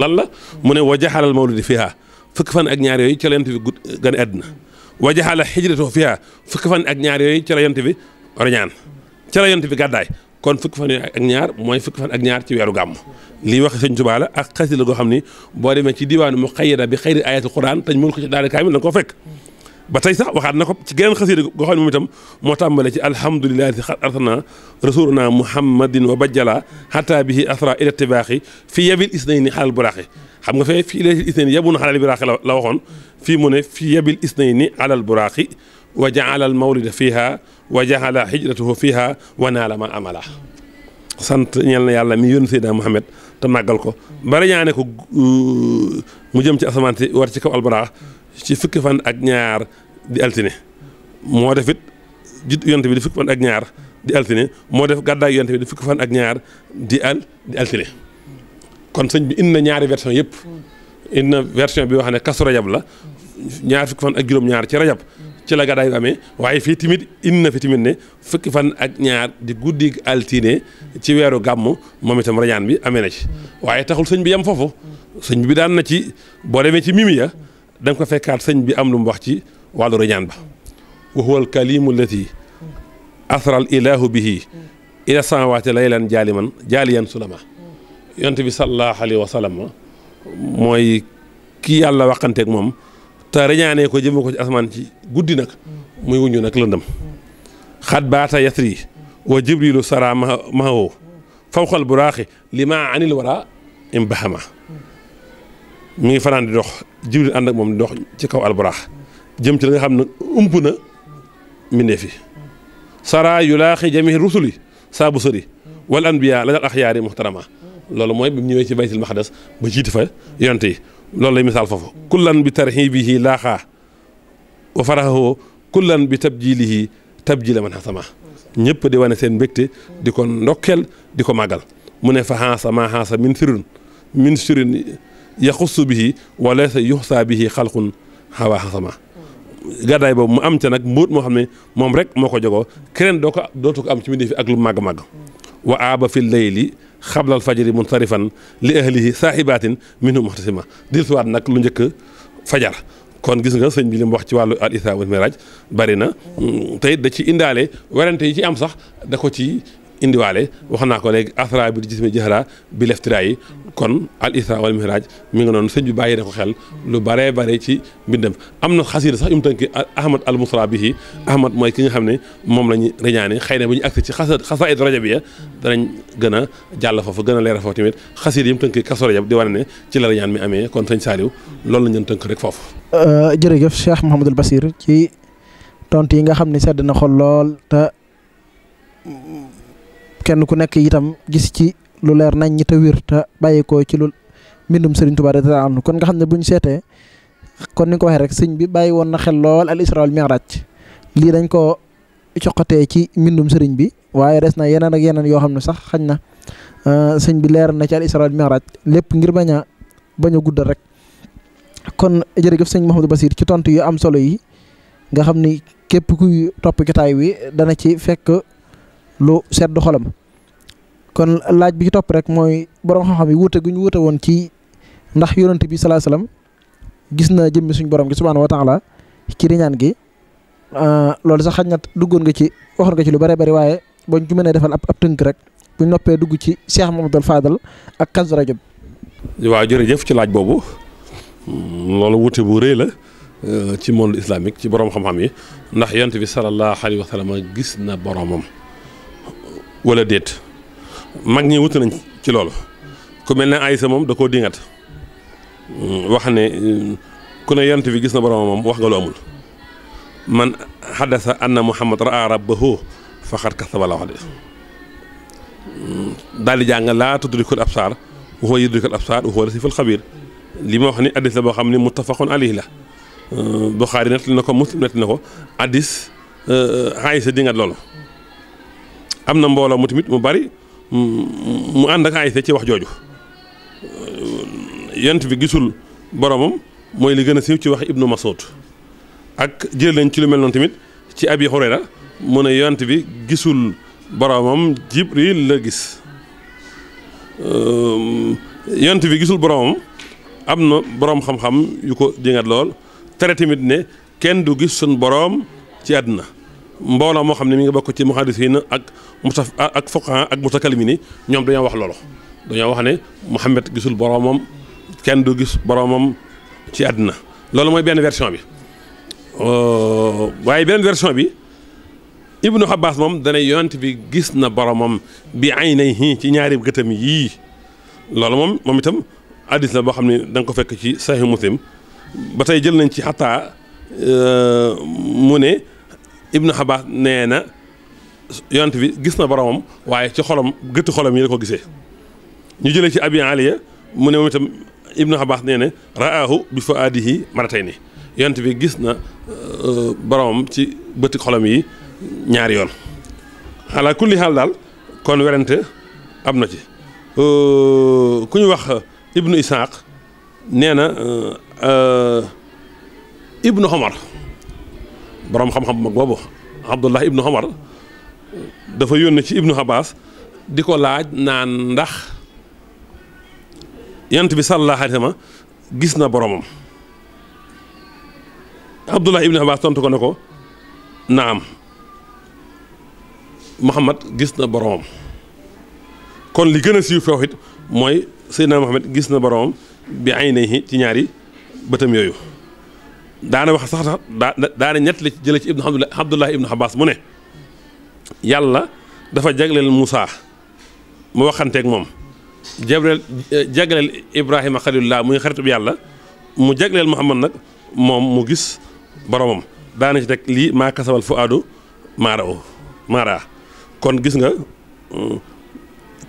lan la mu ne wa jaxalal mawludi fiha fukki fan ak ñaar yooyu ci la yent bi gud gan àddina wa jaxala xijratoo fiha fukki fan ak ñaar yooyu ci la bi rañaan ci la yent bi gàddaay kon fukki fan ak ñaar mooy fukki fan ak ñaar ci weeru gàmm lii wax sëñ Tuubaa ak xasida la goo xam ni boo demee ci diwaanu mu xayyada bi xayri ayatul quran tañ mun ko ci daal kaamil da koo fekk ba tey sax waxaat na ko ci geneen xasida goo xam ne moom itam moo tàmbale ci alhamdulilahi si xat arsalna rasuluna muhammadin wa bajjala xata bihi asra ila tibaaxi fii yabil isnayni xalal buraaxi xam nga fee fii yabil isnayni yabuna xalal buraaxi la la waxoon fii mu ne fii yabil isnayni alal buraaxi wa jaala al mawlida fiiha wa jaala hijratuhu fiiha wa naala ma amala sant ñeel na yàlla mi yónni Seydina Muhammad te màggal ko bari ñaane uh, mu jëm ci asamaan si war ci kaw alburaax ci fukki fan ak ñaar di altine moo def it jit yonte bi di ak ñaar di altine moo def gàddaay yonte bi di fukki fan ak ñaar di al di altine kon sëñ bi indi na ñaari version yëpp indi na version bi wax ne kasu rajab la ñaar fukki fan ak juróom-ñaar ci rajab ci la gàddaay bi amee waaye fii tamit indi na fi tamit ne fukki fan ak ñaar di guddi altine ci weeru gàmmu moom itam rajaan bi amee na ci waaye taxul sëñ bi yam foofu sëñ bi daan na ci boo demee ci mimi ya da ko fekkaat sëñ bi am lu mu ci wàllu riñaan ba wa huwa al kalimu allati asra al ilahu bihi ila samawaati laylan jaaliman jaaliyan sulama yonte bi sallallahu alayhi wa mooy kii yàlla waxanteeg moom te riñaanee ko jëme ko ci asmaan ci guddi nag muy wuñu nag lëndëm xat baata yasri wa jibrilu sara mahawo fawqal buraaxi lima anil wara imbahama mi ngi fanaan di dox jibril ànd ak moom di dox ci kaw alburaax jëm ci la nga xam ne ump na mbindee fi sara yu laaxi jami rusuli saa bu sëri wal anbiya la dal axyaari muxtarama loolu mooy bi mu ñëwee ci baytil maxdas ba jiiti fa yonte yi loolu lay misaal foofu kullan bi tarxibihi laaxaa wa faraxoo kullan bi tabjilihi tabjila man xasama ñëpp di wane seen mbégte di ko ndokkeel di ko màggal mu ne fa xaasa maa xaasa min sirun min sirun yaxussu bihi wa laysa yuxsaa bihi xalqun xawaa xasama gàddaay boobu mu am ca nag mbóot moo xam ne moom rek moo ko jogoo keneen doo ko dootu ko am ci mbindéef fi ak lu màgg-màgg wa aaba fi leyli xablal fajri munsarifan li ahlihi saaxibaatin minhu muxtasima dil suwaat nag lu njëkk fajar kon gis nga sëñ bi li mu wax ci wàllu al isra wal miraaj bari na mm, tey da ci indaale werante yi ci am sax da ko ci indiwaale wax naa ko léegi asra bi di gis mi jëxëra bi leftira yi kon al isra wal mihraj mi nga noonu sëñ bi bàyyi na ko xel lu baree bare ci mbindam am na xasiida sax yu mu tënki ahmad al musra bihi ahmad mooy ki nga xam ne moom la ñu reñaane xëy na bu ñu agsi ci xasa xasaid rajabiya danañ gën a jàll foofu gën a leeral foofu tamit xasiida yi mu tënki kaso rajab di wane ne ci la reñaan mi amee kon sëñ Saliou loolu la ñu tënk rek foofu euh, jërëjëf Cheikh Mouhamadul Basir ci yi nga xam ne sedd na xol lool te kenn ku nekk itam gis ci lu leer nañ ñi te wér te bàyyi ko ci lu mbindum Serigne Touba radiyallahu anhu kon nga xam ne bu ñu seetee kon ni ko waxee rek sëñ bi bàyyi woon na xel lool al Isra wal Mi'raj lii dañ ko coqatee ci mbindum sëriñ bi waaye des na yeneen ak yeneen yoo xam ne sax xañ na euh, sëñ bi leer na ci al Isra lépp ngir bañ a bañ rek kon jërëjëf sëñ Mouhamadou Bassir ci tontu yu am solo yi nga xam ni képp kuy topp jotaay wi dana ci fekk. lu sedd xolam kon laaj bi ci topp rek mooy boroom xam-xam yi wuute gu ñu wuute woon ci ndax yonent bi salaa salaam gis na jëmmi suñu borom gi subhaana wa taala ci riñaan gi ah, loolu sax xaj duggoon nga ci waxoon ci lu bare bari waaye boo ñu mënee defal ab ab tënk rek bu noppee dugg ci Cheikh Mamadou Fadal ak Kazu jërëjëf ci laaj boobu hmm, loolu wuute bu rëy la eh, ci monde islamique ci borom xam-xam yi ndax yonent bi sallallahu alayhi wa sallam gis na boromam. wala déet mag ñi wut nañ ci loolu ku mel ne Aysa moom da koo dingat hmm, wax ne hmm, ku ne yonent bi gis na borom moom wax nga lu amul man xaddasa anna muhammad raa rabbahu faqad kasaba la wax de hmm, daal di jàng laa tudrikul absaar wa huwa yudrikul absaar wa huwa latiiful li ma wax ni addis la boo xam ne muttafaqun alayhi la Buxaari nettali na ko Muslim nettali na ko addis eh, Aysa dingat loolu am na mbooloo mu tamit mu bari mu ànd ak ASC ci wax jooju yent bi gisul boromam mooy li gën a siiw ci wax Ibnu masot ak jël nañ ci lu mel noonu tamit ci Abi Hurayra mu ne yent bi gisul boromam Jibril la gis ehm, yent bi gisul boromam am na borom xam-xam yu ko jëngat lool tere tamit ne kenn du gis suñ boroom ci àdduna mbooloo moo xam ne mi ngi bokk ci muhaddisiin ak mu mustaf ak fuqaha ak mutakallimin ñoom dañoo wax loolu dañoo wax ne Muhammad gisul boromam kenn du gis boromam ci àddina loolu mooy benn version bi waaye beneen version bi ibnu Abbas moom dana yonent bi gis na boromam bi aynayhi ci ñaari gëtam yii loolu moom moom itam hadiis la boo xam ne da ko fekk ci Sahih Muslim ba tey jël nañ ci xataa euh, mu ne ibnu Abbas nee na yonent bi gis na boromam waaye ci xolom gëtt xolam yi la ko gisee ñu jëlee ci abi aliya mu ne moom itam ibnu Abbas nee na raahu bi faadihi ni yonent bi gis na euh, boromam ci bëtti xolom yi ñaari yoon ala kulli xaal daal kon werante am na ci euh, ku ñu wax ibnu Isaaq nee na euh, ibnu Omar boroom xam-xam mag boobu abdullah ibnu Omar dafa yónne ci ibnu Abbas di ko laaj naan ndax yant bi sallallahu gis na boroomam abdullah ibnu Abbas tontu ko ne ko naam Muhammad gis na boromam kon li gën a siiw foofu it mooy Seydina Muhammad gis na boromam bi aynayhi ci ñaari bëtam yooyu daana wax sax sax daa daana ñett la jële ci ibnu abdullah ibnu abbas mu ne yàlla dafa jagleel Moussa mu waxanteek moom jagleel jagleel ibrahima laa muy xarit bi yàlla mu jagleel muhammad nag moom mu gis boromam daana ci teg lii maa kasabal fu aadu maara o maara kon gis nga mm,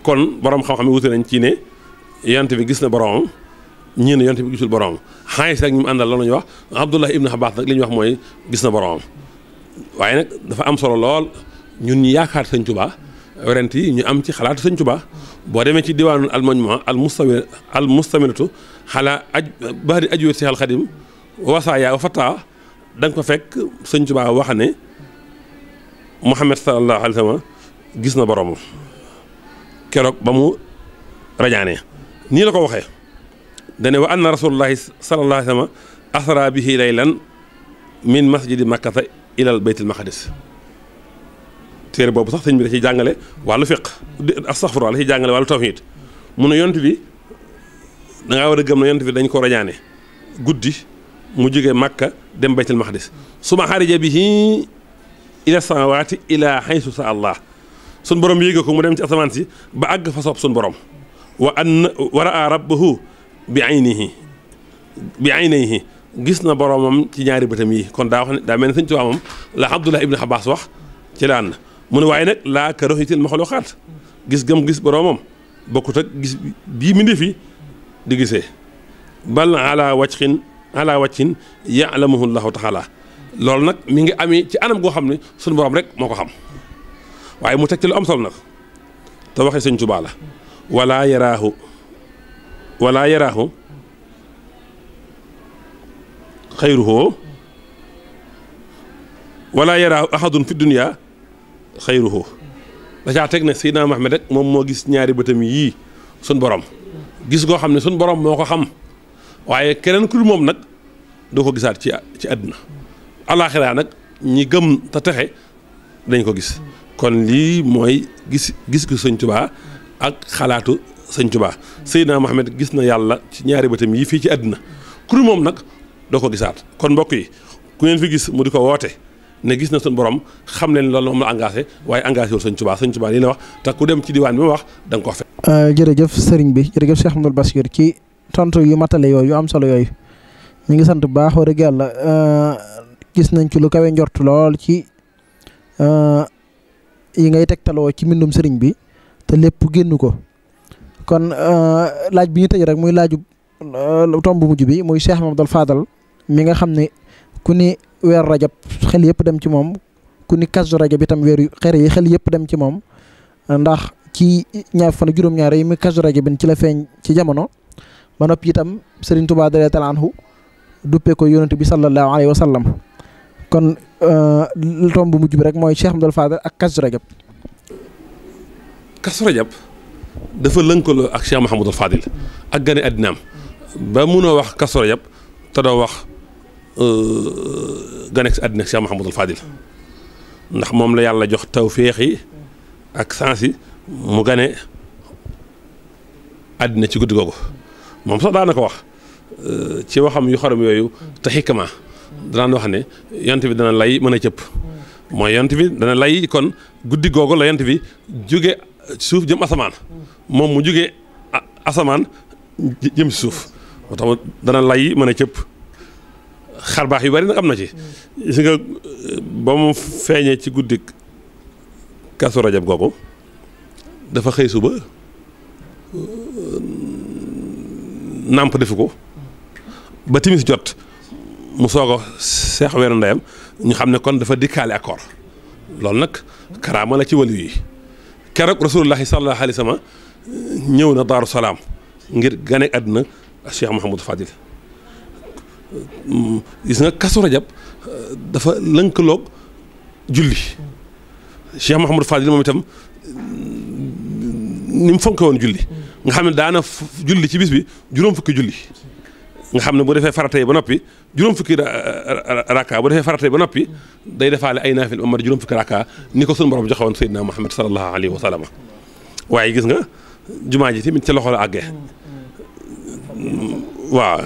kon borom xam-xam yi wute nañ ci ne yant bi gis na boromam ñii ne yonte bi gisul boroom xaalis rek ñu mu àndal loolu la ñu wax abdullah ibnu xabaas nag li ñu wax mooy gis na boroom waaye nag dafa am solo lool ñun ñu sañ sëñ Tuubaa werent ñu am ci xalaat sëñ Tuubaa boo demee ci diwaanu almajmuwa al mustamil al mustaminatu xalaa aj baari ajwér si xadim wasaaya wa fataa da ko fekk sëñ Tuubaa wax ne Muhammad sallallahu alayhi gis na boroomam keroog ba mu rajaanee nii la ko waxee dane wa anna rasulullahi sallallahu alayhi wa sallam asra bihi laylan min masjidi makkata ilal baytil maqdis téere boobu sax sëñ bi da ciy jàngale wàllu fiq astaghfirullah la ciy jàngale wàllu tawhid mu ne yont bi da ngaa war a gëm ne yont bi dañ ko rañaane guddi mu jógee makka dem baytil maqdis suma xarija bihi ila samawaati ila haysu sa allah sun borom yéege ko mu dem ci asamaan si ba àgg fa soob sun borom wa an wa raa rabbahu bi aynihi bi aynayhi gis na boromam ci ñaari bëtam yi kon daa wax ne daa mel ne sëñ Tuubaa moom la Abdullah ibn Abbas wax ci laan na mu ne waaye nag laa karahiyatil maxluqaat gis gëm gis boroomam bokkut ak gis bi mi fi di gisee bal ala wajhin ala wajhin ya'lamuhu llahu taala loolu nag mi ngi amee ci anam goo xam ne suñ borom rek moo ko xam waaye mu teg ci lu am solo nag te waxee sëñ Tuubaa la wala yaraahu wala yaraaxu xayruhu wala yaraaxu ahadun fi dunya xayruhu da caa teg ne Seydina Muhammad rek moom moo gis ñaari bëtam yii sun boroom gis goo xam ne suñ boroom moo ko xam waaye keneen ku moom nag doo ko gisaat ci ci àdduna alaaxiraa nag ñi gëm te texe dañ ko gis kon lii mooy gis gis ko Sëñ ak xalaatu sëñ Tuubaa Seydina Mohamed gis na yàlla ci ñaari bëtam yi fii ci àddina kuru moom nag doo ko gisaat kon mbokk yi ku ngeen fi gis mu di ko woote ne gis na suñu borom xam leen loolu moom la engagé waaye engagé wu sëñ Tuubaa sëñ Tuubaa lii la wax te ku dem ci diwaan bi ma wax da nga ko fekk. Euh, jërëjëf sëriñ bi jërëjëf Cheikh Ahmadou Bassir ci tontu yu matale yooyu yu am solo yooyu ñu ngi sant bu baax wax dëgg yàlla euh, gis nañ ci lu kawe njort lool ci euh, yi ngay teg tegtaloo ci mbindum sëriñ bi te lépp génn ko. kon euh, laaj bi ñu tëj rek muy laaju euh, tomb mujj bi muy Cheikh Mamadou Fadal mi nga xam ne ku ni weer rajab xel yëpp dem ci moom ku ni kazu rajab itam weer xere yi xel yëpp dem ci moom ndax ci ñaar fan juróom-ñaar yi muy kazu rajab ci la feeñ ci jamono ba noppi itam Serigne tubaa dalee taala anhu duppee ko yonent bi sallallahu alayhi wa sallam kon euh, tomb mujj bi rek mooy Cheikh Mamadou Fadal ak kazu rajab rajab dafa lënkaloo ak Cheikh Mouhamadul Fadil ak gane addinaam ba munoo wax Kazu Rajab te doo wax euh, gane si addina ak Cheikh Mouhamadul ndax moom la yàlla jox tawféex yi ak sens yi mu gane àddina ci guddi googu moom sax daana ko wax euh, ci waxam yu xorom yooyu te xikma danaan wax ne yont bi dana lay mën a cëpp mooy yont bi dana lay kon guddi googu la yont bi jóge suuf jëm asamaan moom mu jugee asamaan jëm si suuf moo tax dana lay mën a cëpp xar baax yu bari nag am na ci gis ba mu feeñee ci guddi kasu rajab googu dafa xëy suba nàmp defu ko ba timis jot mu soog a seex weeru ndeyam ñu xam ne kon dafa dikkaale accord loolu nag karaama ci wàllu yi keroog rasulullahi sallallahu alayhi wa na daaru salaam ngir gane àdduna Cheikh Mouhamadou Fadil gis nga kasu rajab dafa lënkaloog julli Cheikh Mouhamadou Fadil moom itam ni mu fonke woon julli nga xam ne daana julli ci bis juróom fukki julli nga xam ne bu defee farata yi ba noppi juróom fukki rakka bu defee farata ba noppi day defaale ay naafil ba mat juróom fukki rakka ni ko sunu borom joxewoon Seydina Muhammad sallallahu alayhi wa sallam waaye gis nga jumaa ji tamit ca loxo la àggee waaw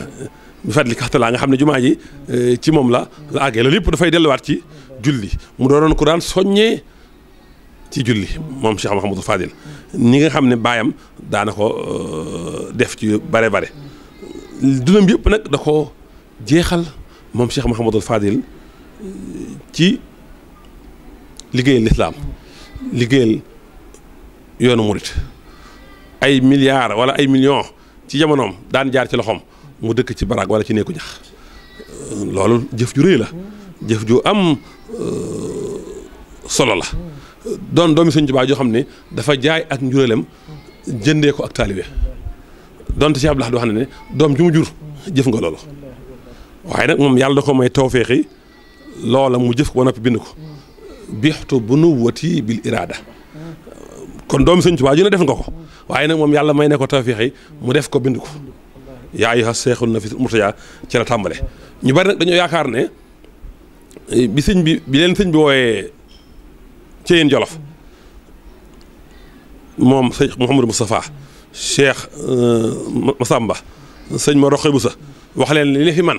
bu fàttali kaxtalaa nga xam ne jumaa ji e, ci moom la la àggee loolu yëpp dafay delluwaat ci julli mu doonoon ko daan soññee ci julli moom Cheikh Mahamadou Fadil ni nga xam ne baayam daana ko e, def ci bare bare dundam yëpp nag da ko jeexal moom Cheikh Mouhamadul Fadil ci liggéeyal lislaam liggéeyal yoonu murit ay milliards wala ay millions ci jamonoom daan jaar ci loxoom mu dëkk ci baraag wala ci nekku ñax loolu jëf ju rëy la jëf ju am euh, solo la doon doomi Sëñ Tuubaa joo xam ne dafa jaay ak njureelem jëndee ko ak taalibe donte Cheikh Abdoulaye wax na ne doom ju jëf nga loolu waaye nag moom yàlla da ko may tawféexi loola mu jëf ko ba noppi bind ko bixtu bu nu wati bil iraada kon doom sëñ Tuubaa ju ne def nga ko waaye nag moom yàlla may ne ko tawféexi mu def ko bind ko yaa ayyuha na fi murtajaa ci la tàmbale ñu bari nag dañoo yaakaar ne bi sëñ bi bi leen sëñ bi wooyee Ceyeen Jolof moom sëñ Mouhamadou Moustapha cheikh euh, sàmba sëñ ma roqe bu sa wax leen li fi man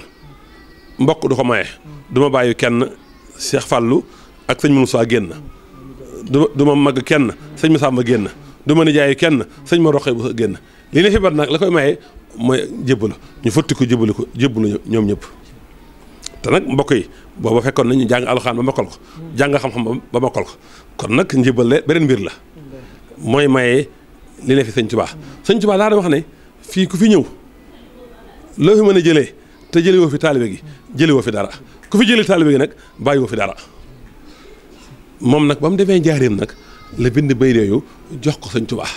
mbokk du ko maye duma bàyyi kenn cheikh fàllu ak sëñ Moussa génn duma duma mag kenn sëñ sàmba génn du duma nijaayu kenn sëñ ma roqe bu sa génn li fi man nag la koy maye mooy jébbalu ñu fëtti ko jébbalu ko jébbalu ñoom ñëpp te nag mbokk yi booba fekkoon nañu jàng alxaan ba mokkal ko jàng xam-xam ba mokkal ko kon nag njëbbal la beneen mbir la mooy maye li ne fi sëñ Tuubaa sëñ Tuubaa daa wax ne fii ku fi ñëw loo fi mën a jëlee te jëlee woo fi taalibe gi jëlee woo fi dara ku fi jëlee taalibe gi nag bàyyi woo fi dara moom nag ba mu demee njaareem nag la bind bay yooyu jox ko sëñ Tuubaa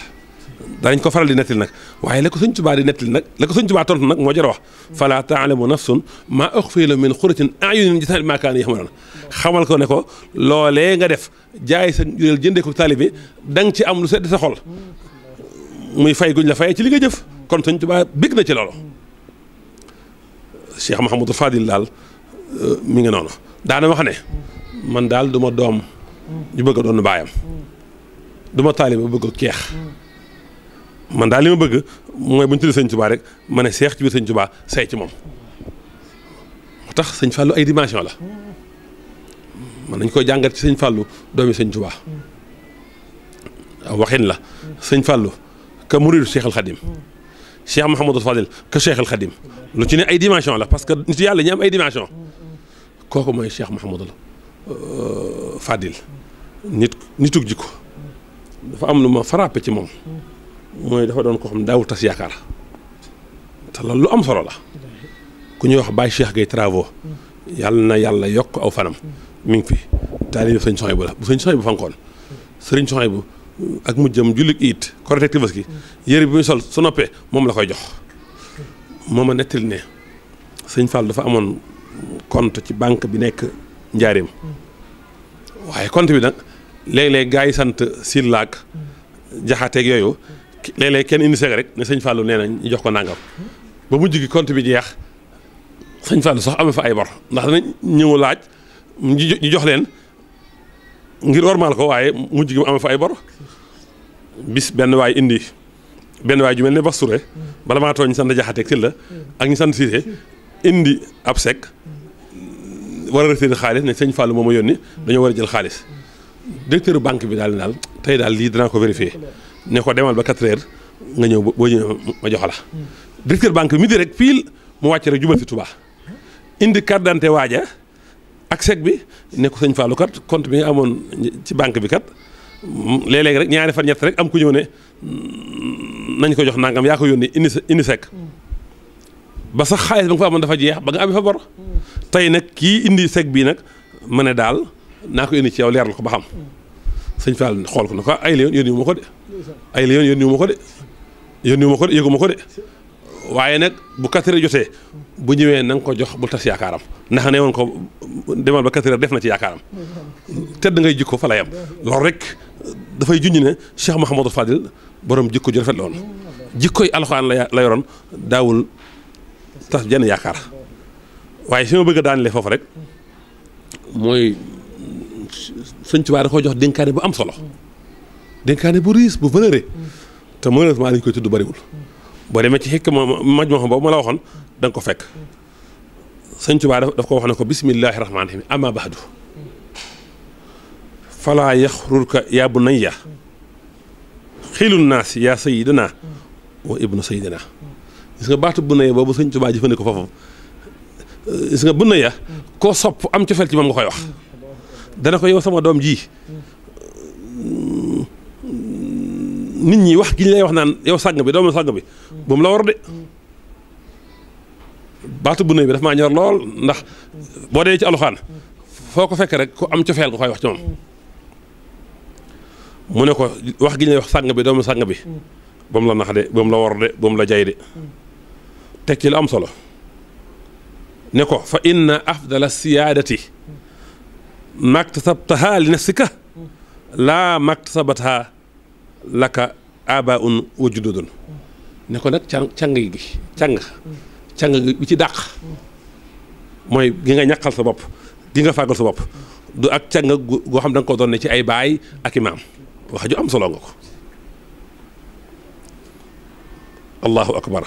danañ ko faral di nettali nag waaye la ko sëñ Tuubaa di nettali nag la ko sëñ Tuubaa tontu nag moo jar wax fala taalamu nafsun maa uxfiya lahum min xuratin ayunin jazaan bimaa kaanu yaxmaluun xamal ko ne ko loolee nga def jaay sa jureel jëndee ko taalibe da ci am lu sa xol muy fay guñ la fayee ci li nga jëf kon Sëñ Tuubaa bég na ci loolu Cheikh Mahamadou Fadil daal euh, mu ngi noonu daana wax ne man daal du ma doom ñu bëgg a doon baayam du ma taalibe ba bëgg a keex man daal li ma bëgg mooy bu ñu tuddee Sëñ Tuubaa rek ma ne seex ci biir Sëñ Tuubaa say ci moom moo tax Sëñ Fallou ay dimension la man nañ koy jàngat ci Sëñ Fallou doomi Sëñ Tuubaa waxin la Sëñ Fallou que muridu Cheikh al Khadim Cheikh Mouhamadou Fadil que Cheikh lu ci ne ay dimension la parce que nit yàlla ñi am ay dimension kooku mooy Cheikh Mouhamadou euh, Fadil nit nitug jikko dafa am lu ma frappé ci moom mooy dafa doon ko xam daawul tas yaakaar te loolu lu am solo la ku ñuy wax Baye Cheikh Gueye Travaux yàlla na yàlla yokk aw fanam mi ngi fi taalibe sëñ Soxaybu la bu sëñ Soxaybu fankoon sëriñ Soxaybu ak mu jëm jullit it Korite Tabaski yëre bi muy sol su noppee moom la koy jox moom a nettali ne sëñ Fall dafa amoon compte ci banque bi nekk Njaareem waaye compte bi nag léeg-léeg gaa yi sant Sillaak jaxateeg yooyu léeg-léeg kenn indi seeg rek ne sëñ Fallou nee na ñu jox ko nangam ba mujj gi compte bi jeex sëñ Fallou sax amee fa ay bor ndax danañ ñëw laaj ñu jox leen ngir ormaal ko waaye mujj gi mu amee fa ay bor. bis benn waay indi benn waay ju mel ne basture bala maa tooñ ñu sant jaxateeg si la ak ñu sant siise indi ab sec war a retiré xaalis ne sëñ Fallou moom a yónni dañoo war a jël xaalis directeur banque bi daal ne daal tey daal lii danaa ko vérifier ne ko demal ba 4 nga ñëw boo ñëwee ma jox la directeur banque bi midi rek pile mu wàcc rek jubal si Touba indi carte d'identité waaja ak sec bi ne ko sëñ Fallou kat compte bi nga amoon ci banque bi kat. léeg rek ñaari fan ñett rek am ku ñëw ne nañ ko jox nangam yaa ko yónnee indi indi sekk ba sax xaalis ba nga fa amoon dafa jeex ba nga amee fa bor tey nag kii indi sekk bii nag ma ne daal naa ko indi ci yow leeral ko ba xam sëñ Fall xool ko ne ko ay la yoon yónni wu ma ko de ay la yoon yónni wu ma ko de yónni wu ma ko de yëgu ko de waaye nag bu 4 heures jotee bu ñëwee na ko jox bul tas yaakaaram ndax ne woon ko demal ba 4 def na ci yaakaaram tedd ngay jikko fa la yem loolu rek dafay junj ne Cheikh Mouhamadou Fadil boroom jikko ju rafet la woon jikkoy alxuraan la la yoroon daawul tas jenn yaakaar waaye fi ma bëgg a daanelee foofu rek mooy sëñ Tuubaa da koo jox dénkaane bu am solo dénkaane bu riis bu valeur te malheureusement dañ koy tudd bariwul. boo demee ci xikk ma maj ma xam boobu ma la waxoon da ko fekk sëñ Tuubaa daf ko wax ne ko bismillaahi rahmaani rahiim ama baxdu falaa yaxrurka yaa bunayya xiilu naas yaa sayyidina wa ibnu sayyidina gis nga baatu bunayya boobu sëñ Tuubaa jëfandikoo foofu gis nga bunayya koo sopp am cofeel ci moom nga koy wax dana ko yow sama doom ji nit ñi wax gi ñu lay wax naan yow sàng bi doomu sàng bi boom la war de baatu bu nëy bi daf ma ñor lool ndax boo dee ci alxaan foo ko fekk rek ku am cofeel nga koy wax ci moom mu ne ko wax gi ñuy wax sàng bi doomu sàng bi ba mu la nax de ba la war de ba la jay de teg ci lu am solo ne ko fa inna afdala siyaadati maktasabtaha li nafsika laa maktasabataha laka abaun wa juddudun ne ko nag càng càng gi càng cang gi bi ci dàq mooy gi nga ñàqal sa bopp gi nga fàggal sa bopp du ak càng goo xam da ko doon ne ci ay baay ak i maam am solo nga ko akbar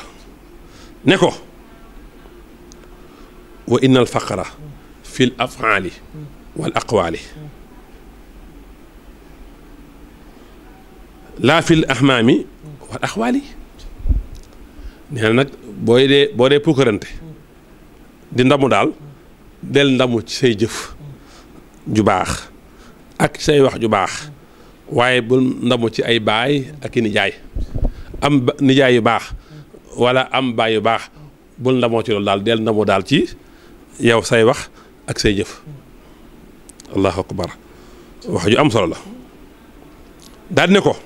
ne ko wa faqra fi l wal aqwaali laa fi l wal aqwaali nee nag booy dee boo dee puukarante di ndamu daal del ndamu ci say jëf ju baax ak say wax ju baax waaye bul ndamu ci ay baay ak i nijaay am nijaay yu baax walla am baay yu baax bul ndamoo ci loolu daal del ndamu daal ci yow say wax ak say jëf allahu akbar wax ju am solo la daal ne ko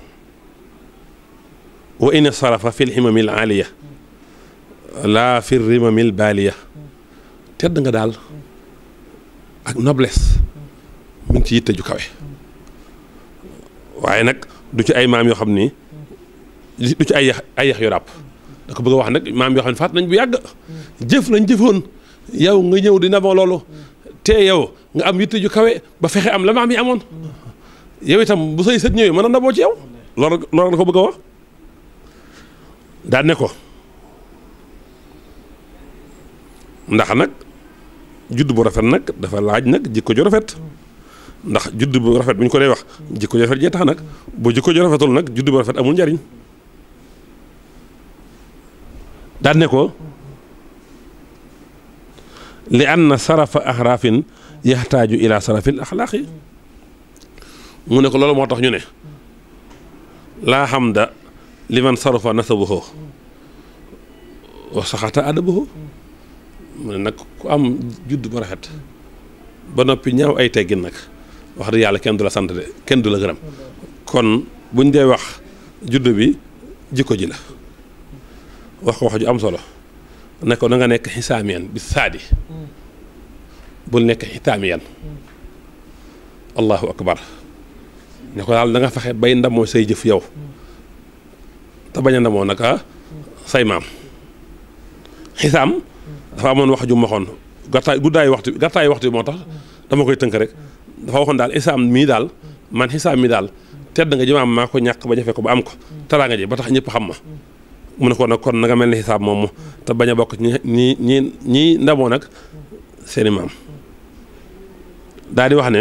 wa in sarafa fi lximami al laa fir mil baaliya tedd nga daal ak noblesse mu ngi ci yitte kawe waaye nag du ci ay maam yoo xam ni du ci ay yax ay yax yu ràpp da ko bëgg wax nag maam yoo xam ne faat nañ bu yàgg jëf lañ jëfoon yow nga ñëw di naboo loolu te yow nga am yitte ju kawe ba fexe am la maam yi amoon yow itam bu say sët ñëwee mën a naboo ci yow loolu loolu la ko bëgg a wax daan ne ko ndax nag juddu bu rafet nag dafa laaj nag jikko ju rafet ndax juddu bu rafet bu ñu ko dee wax jikko ju rafet jee tax nag boo jikko ju rafetul nag judd bu rafet amul njariñ daan ne ko li an sarafa axraafin yaxtaaju ila sarafil axlaaqi mu ne ko loolu moo tax ñu ne laa xam da liman sarafa nasabuhu wa saxata adabuhu mu ne nag ku am judd bu rafet ba noppi ñaaw ay teggin nag wax dëgg yàlla kenn du la sant de kenn du la gërëm kon buñ dee wax judd bi jikko ji la wax ko wax ju am solo ne ko na nga nekk xisaamiyan bi saadi bul nekk xitaamiyan allahu akbar ne ko daal da fexe bay ndamoo say jëf yow te bañ a ndamoo naka ah, say maam xisaam dafa amoon wax ju ma waxoon gàttaay guddaay waxtu gàttaay waxtu bi moo tax dama koy tënk rek dafa waxoon daal isaam mii daal man xisaam mi daal tedd nga jëmaam maa ko ñàkk ba jafe ko ba am ko taraanga ji ba tax ñëpp xam ma mu ne ko nag kon na mel ni xisaab moom te bañ a bokk ñi ñi ñi ñi ndamoo nag seeni maam daal di wax ne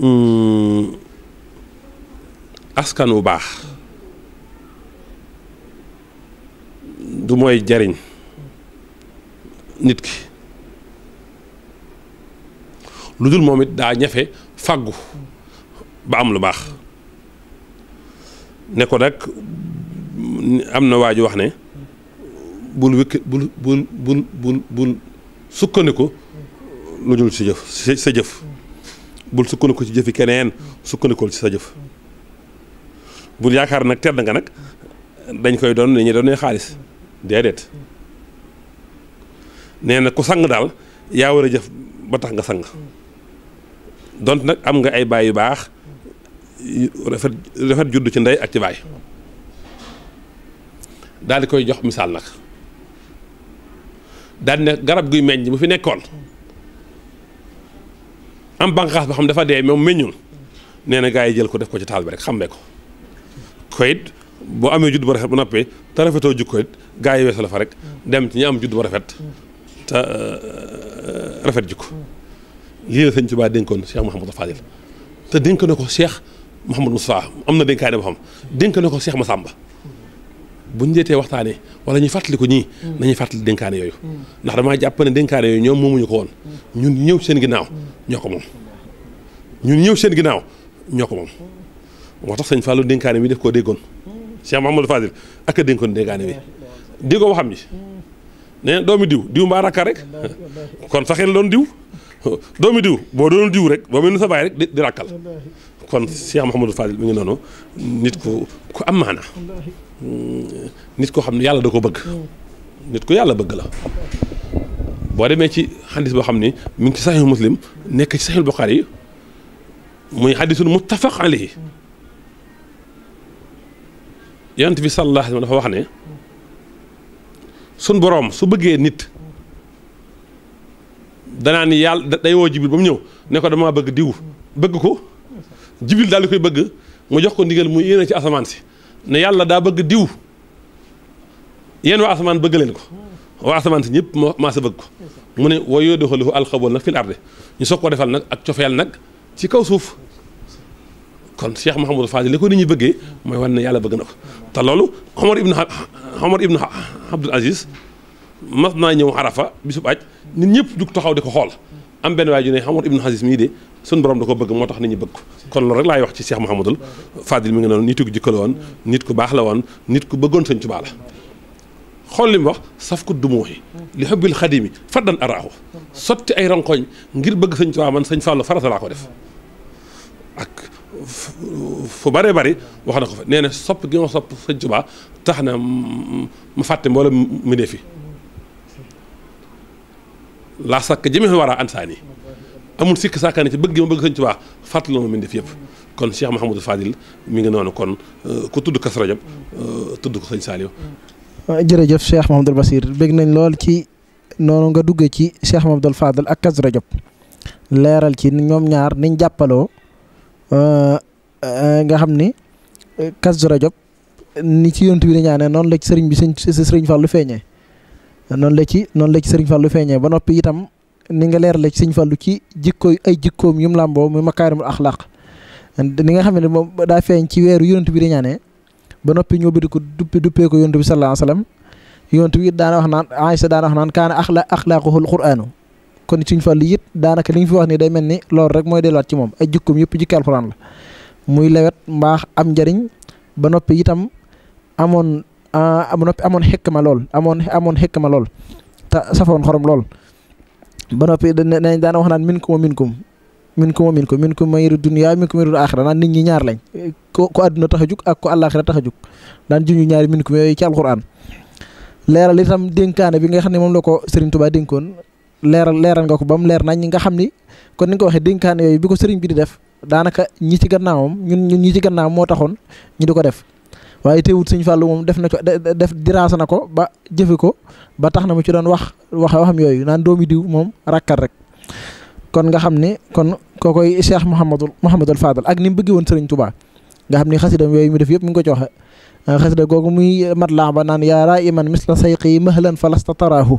hmm, askan wu baax du mooy jariñ nit ki lu dul moom it daa ñafe fàggu ba am lu baax ne ko nag am na waa ji wax ne bul wikk bul bul bul bul sukkandiku lu dul si jëf sa jëf bul sukkandiku ci jëfi keneen sukkandikul ci sa jëf bul yaakaar nag tedd nga nag dañ koy doon ni ñuy doon xaalis déedéet nee na ku sang daal yaa war a jëf ba tax nga sang dont nag am nga ay baay yu baax rafet rafet juddu ci ndey ak ci baay daal di koy jox misaal nag daal ne garab guy meññ bu fi nekkoon am bànqaas boo xam dafa dee moom meññul nee na gaa yi jël ko def ko ci taal bi rek xàmmee ko koyit boo amee judd bu rafet ba noppee te rafetoo jukko it gaa yi la fa rek dem ci ñu am judd bu rafet te euh, euh, rafet jukko lii la sëñ Tuubaa dénkoon Cheikh Mouhamadou Fadil te na ko Cheikh Mouhamadou Moustapha am na dénkaane boo xam dénk na ko Cheikh Massamba buñ deetee waxtaanee wala ñu fàttali ko ñii nañuy fàttali dénkaane yooyu ndax damaa jàpp dénkaane yooyu ñoom moomuñu ko woon ñun ñëw seen ginnaaw ñoo ko moom ñëw seen ginnaaw ñoo ko moo tax sëñ Fallou dénkaane bi def koo déggoon Cheikh Mahamadou Fadil aka dénkoon dénkaane wi di ko waxam ji doomi diw diw mbaa rakka rek kon sa xel doon diw doomi diw boo doon diw rek boo mel ni sa baay rek di rakkal kon Cheikh Mahamadou Fadil mi ngi noonu nit ku ku am maana nit ko xam ne yàlla da ko bëgg nit ku yàlla bëgg la boo demee ci xadis boo xam ni mu ngi ci saxiixu muslim nekk ci saxiixu buxaari yi muy xadisul muttafaq alayhi yonent bi sallallahu alayhi wa dafa wax ne sun boroom su bëggee nit danaa ni yàlla day woo jibil ba mu ñëw ne ko damaa bëgg diw bëgg ko jibil daal di koy bëgg mu jox ko ndigal mu yéene ci asamaan si ne yàlla daa bëgg diw yéen waa asamaan bëgg leen ko waa asamaan si ñëpp maa sa bëgg ko mu ne wa yoo doxaluhu alxaboon nag fil arde ñu soo ko defal nag ak cofeel nag ci kaw suuf kon Cheikh Mouhamadou Fadil li ko nit ñi bëggee mooy wan ne yàlla bëgg na ko te loolu Omar ibn Omar ibn Abdul Aziz mas naa ñëw Arafa bisub aj nit ñëpp jug taxaw di ko xool am benn waay ju ne Omar ibn Aziz mii de suñu borom da ko bëgg moo tax nit ñi bëgg ko kon loolu rek laay wax ci Cheikh Mouhamadou Fadil mi ngi noonu nit ku jikko la woon nit ku baax la woon nit ku bëggoon Sëñ Tuubaa la xool li mu wax saf ko dumuuxi li xubbil xadimi faddan araaxu sotti ay rankoñ ngir bëgg Sëñ Tuubaa man Sëñ Fàllu farata laa ko def ak fu bare bari wax na ko fa nee na sopp gi ma sopp sëñ Tuubaa tax na mu fàtte mboolem mu dee fi laa sakk jëmee war a ansaan yi amul sikk sàkkaane ci bëgg gi ma bëgg sëñ Tuubaa fàttali ma mu dee fi yëpp kon Cheikh Mouhamadou Fadil mi ngi noonu kon euh, ku tudd Kazu Rajab euh, tudd ko sëñ Saliou. jërëjëf Cheikh Mouhamadou Bassir bég nañ lool ci noonu nga duggee ci Cheikh Mouhamadou Fadil ak Kazu Rajab leeral ci ñoom ñaar niñ jàppaloo. Euh, nga xam ni Kazu Rajab ni ci yonent bi di ñaanee noonu la ci sëriñ bi sëriñ Fallou feeñee noonu la ci noonu la ci sëriñ Fallou feeñee ba noppi itam ni nga leer la ci sëriñ ci jikko ay jikkoom yum làmboo muy makaarimul axlaaq ni nga xam ne moom daa feeñ ci weeru yonent bi di ñaanee ba noppi ñoo bëgg ko duppe duppee ko yonent bi sallallahu alayhi wasallam yonent bi daana wax naan Aïssa daana wax naan kaana axlaaquhul quraanu kon Sëriñ Fallu it daanaka li ñu fi wax nii day mel ni loolu rek mooy delluwaat ci moom ay jukkum yëpp jukki alxuraan la muy lawet mbaax am njariñ ba noppi itam amoon ah, ba noppi amoon xekma lool amoon amoon xekma lool te safoon xorom lool ba noppi dañ daana wax naan min kum min kum min kum min kum min kum ma yëru dunyaa min kum yëru aaxira naan nit ñi ñaar lañ ko ko àdduna tax a jug ak ko àllaaxira tax a jug daan juñu ñaari min kum yooyu ci alxuraan bi nga xam ne moom la ko Serigne Touba dénkoon leeral leeral nga ko ba mu leer nañ ñi nga xam ni kon ni nga ko waxee dénkaan yooyu bi ko sëriñ bi di def daanaka ñi ci gannaawam ñun ñi ci gannaawam moo taxoon ñu di ko def waaye wut sëñ Fallou moom def na ko def diraas na ko ba jëfe ko ba tax na mu ci doon wax wax waxam yooyu naan doomi diw moom rakkal rek kon nga xam ne kon kookoy Cheikh Mouhamadul Mouhamadul Fadal ak ni mu bëggee woon sëriñ Touba nga xam ni xasidam yooyu mu def yëpp mu ngi ko ci waxe xasida googu muy mat laa ba naan yaa raa iman misla sayqi fa falasta taraahu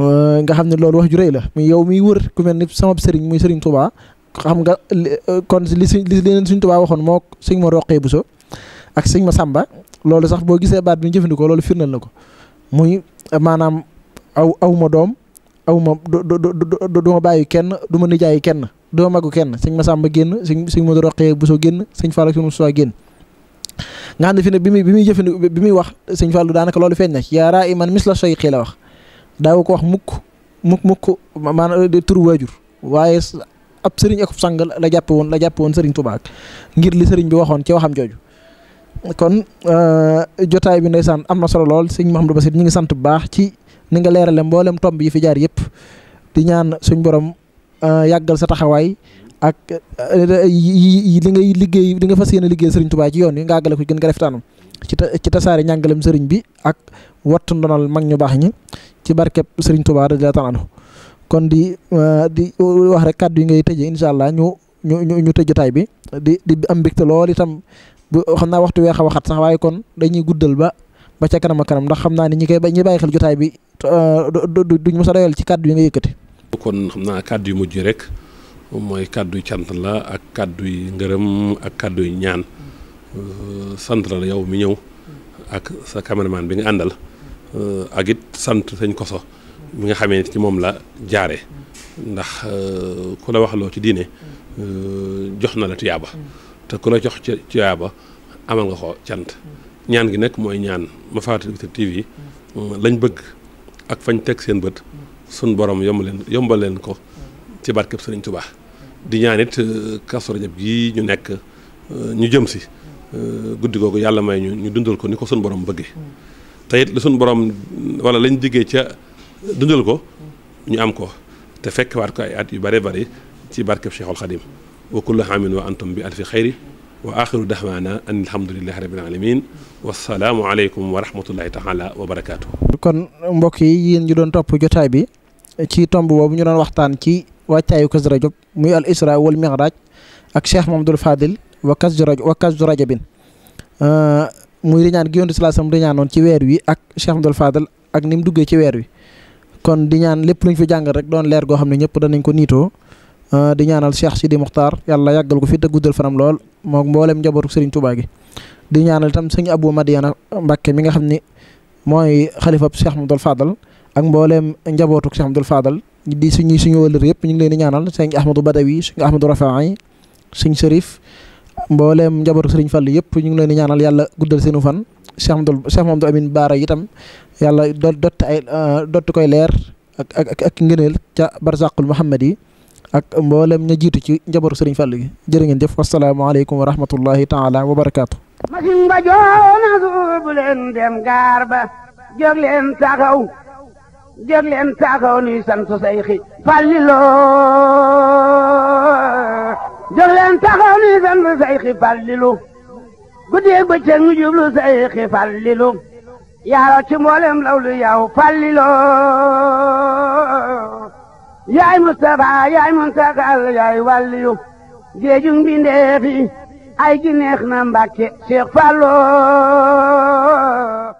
Euh, nga xam ne loolu wax ju rëy la muy yow miy wër ku mel ni sama sëriñ muy sëriñ Touba xam nga euh, kon li suñ li leen suñ Touba waxoon moo suñ ma roqee bu so ak sëñ ma sàmba loolu sax boo gisee baat bi jëfandikoo loolu firnal na ko muy euh, maanaam aw aw ma doom aw ma du du ma kenn du ma nijaayi kenn du ma magu kenn ma sàmba génn sëñ sëñ ma roqee bu so génn sëñ Fallou sëñ Moussa génn nga xam ne fi ne bi muy bi muy jëfandikoo bi muy wax suñ Fallou daanaka loolu feeñ na ci yaa raa iman mis la soy xii la wax daaw ko wax mukk mukk mukk maanaam euh, de turu waajur waaye ab sëriñ ak sang la jàppe woon la jàppe woon sëriñ Tuubaa ngir li sëriñ bi waxoon ci waxam jooju kon euh, jotaay bi ndeysaan am na solo lool sëñ Mouhamadou Bassir ñu ngi sant bu baax ci ni nga leerale mboolem tomb yi fi jaar yëpp di ñaan suñ borom euh, yàggal sa taxawaay ak li ngay liggéey li nga fas yéene liggéey sëriñ Tuubaa ci yoon yi nga àggale ko gën nga reftaanam ci ci tasaare ñàngalem sëriñ bi ak wattu ndonal mag ñu baax ñi ci barkeb Serigne Touba radiyallahu ta'ala anhu kon di euh, di wax rek kàddu yi ngay tëjee incha allah ñu ñu ñu tëj jotaay bi di di am mbégte lool itam bu xam naa waxtu wee xaw a xat sax waaye kon dañuy guddal ba ba ca kanam a kanam ndax xam naa ne ñi koy ñi bàyyi xel jotaay bi euh, duñ mos sa doyal ci kàddu yi nga yëkkati. kon xam naa kàddu yu mujj rek mooy kàddu cant la ak kàddu yu ngërëm ak kàddu yu ñaan euh, sant la yow mi ñëw ak sa cameraman bi nga àndal. Euh, ak it sant sëñ Koso mi nga xamee ci moom la jaare ndax euh, ku la wax loo ci diine euh, jox na la tuyaaba te ku la jox ci tuyaaba amal nga ko cant ñaan gi nag mooy ñaan ma fàttali ko TV lañ bëgg ak fañ teg seen bët sun borom yomb leen yombal leen ko ci barkeb Sëriñ Tuubaa di ñaan it Kazu Rajab gii ñu nekk ñu jëm si guddi kooku yàlla may ñu ñu dundal ko ni ko sun borom bëgge te it la suñu wala lañ diggee ca dundal ko ñu am ko te fekk waat ko ay at yu bare bari ci barkeb Cheikhul Xadim wa kullu aamin wa antum bi alfi xayri wa axiru daxwaana an alhamdulilahi rabbil alamin salaam aleykum wa rahmatullahi taala wa barakaatu. kon mbokk yi yéen ñu doon topp jotaay bi ci tomb boobu ñu doon waxtaan ci waajtaayu Kazu Rajab muy al isra wal miraaj ak Cheikh Mamadou Fadil wa Kazu Rajab wa Kazu muy riñaan ñaan yonent bi salaasam riñaanoon ci weer wi ak Cheikh Abdoul Fadal ak ni mu duggee ci weer wi kon di ñaan lépp lu fi jàngal rek doon leer goo xam ne ñëpp danañ ko niitoo ah, di ñaanal Cheikh Sidi Muxtaar yàlla yàggal ko fi te guddal fanam lool moog mboolem njabootu Serigne Touba gi. di ñaanal itam sëñ Abou Madiana Mbacke mi nga xam ne mooy xalifab Cheikh Abdoul Fadal ak mboolem njabootu Cheikh Abdoul Fadal di suñuy suñu wëlër yëpp ñu ngi leen di ñaanal sëñ Ahmadou Badawi sëñ Ahmadou Rafaay sëñ Serif mbooleem njabootu sëriñ Fall yëpp ñu ngi leen di ñaanal yàlla guddal seenu fan Cheikh Amadou Cheikh Mamadou Amin Baara itam yàlla do euh, koy leer ak ak ca barzaqul Muhammad yi ak mboolem ña jiitu ci njabootu sëriñ Fall gi jërë ngeen jëf wasalaamaaleykum wa rahmatullahi taala wa barakaatu. masin ba joona suubu leen dem gaar ba jóg leen jóg leen taxaw nuy sant Seyxi Falilu jóg leen taxaw nuy sant Seyxi Falilu guddeeg bëccëg ñu jublu Seyxi Falilu yaaro ci mboolem lawlu yow Falilu yaay Mustafa yaay Muntakal yaay wàlliyu géeju ay gi neex na Mbàkke Cheikh Fallu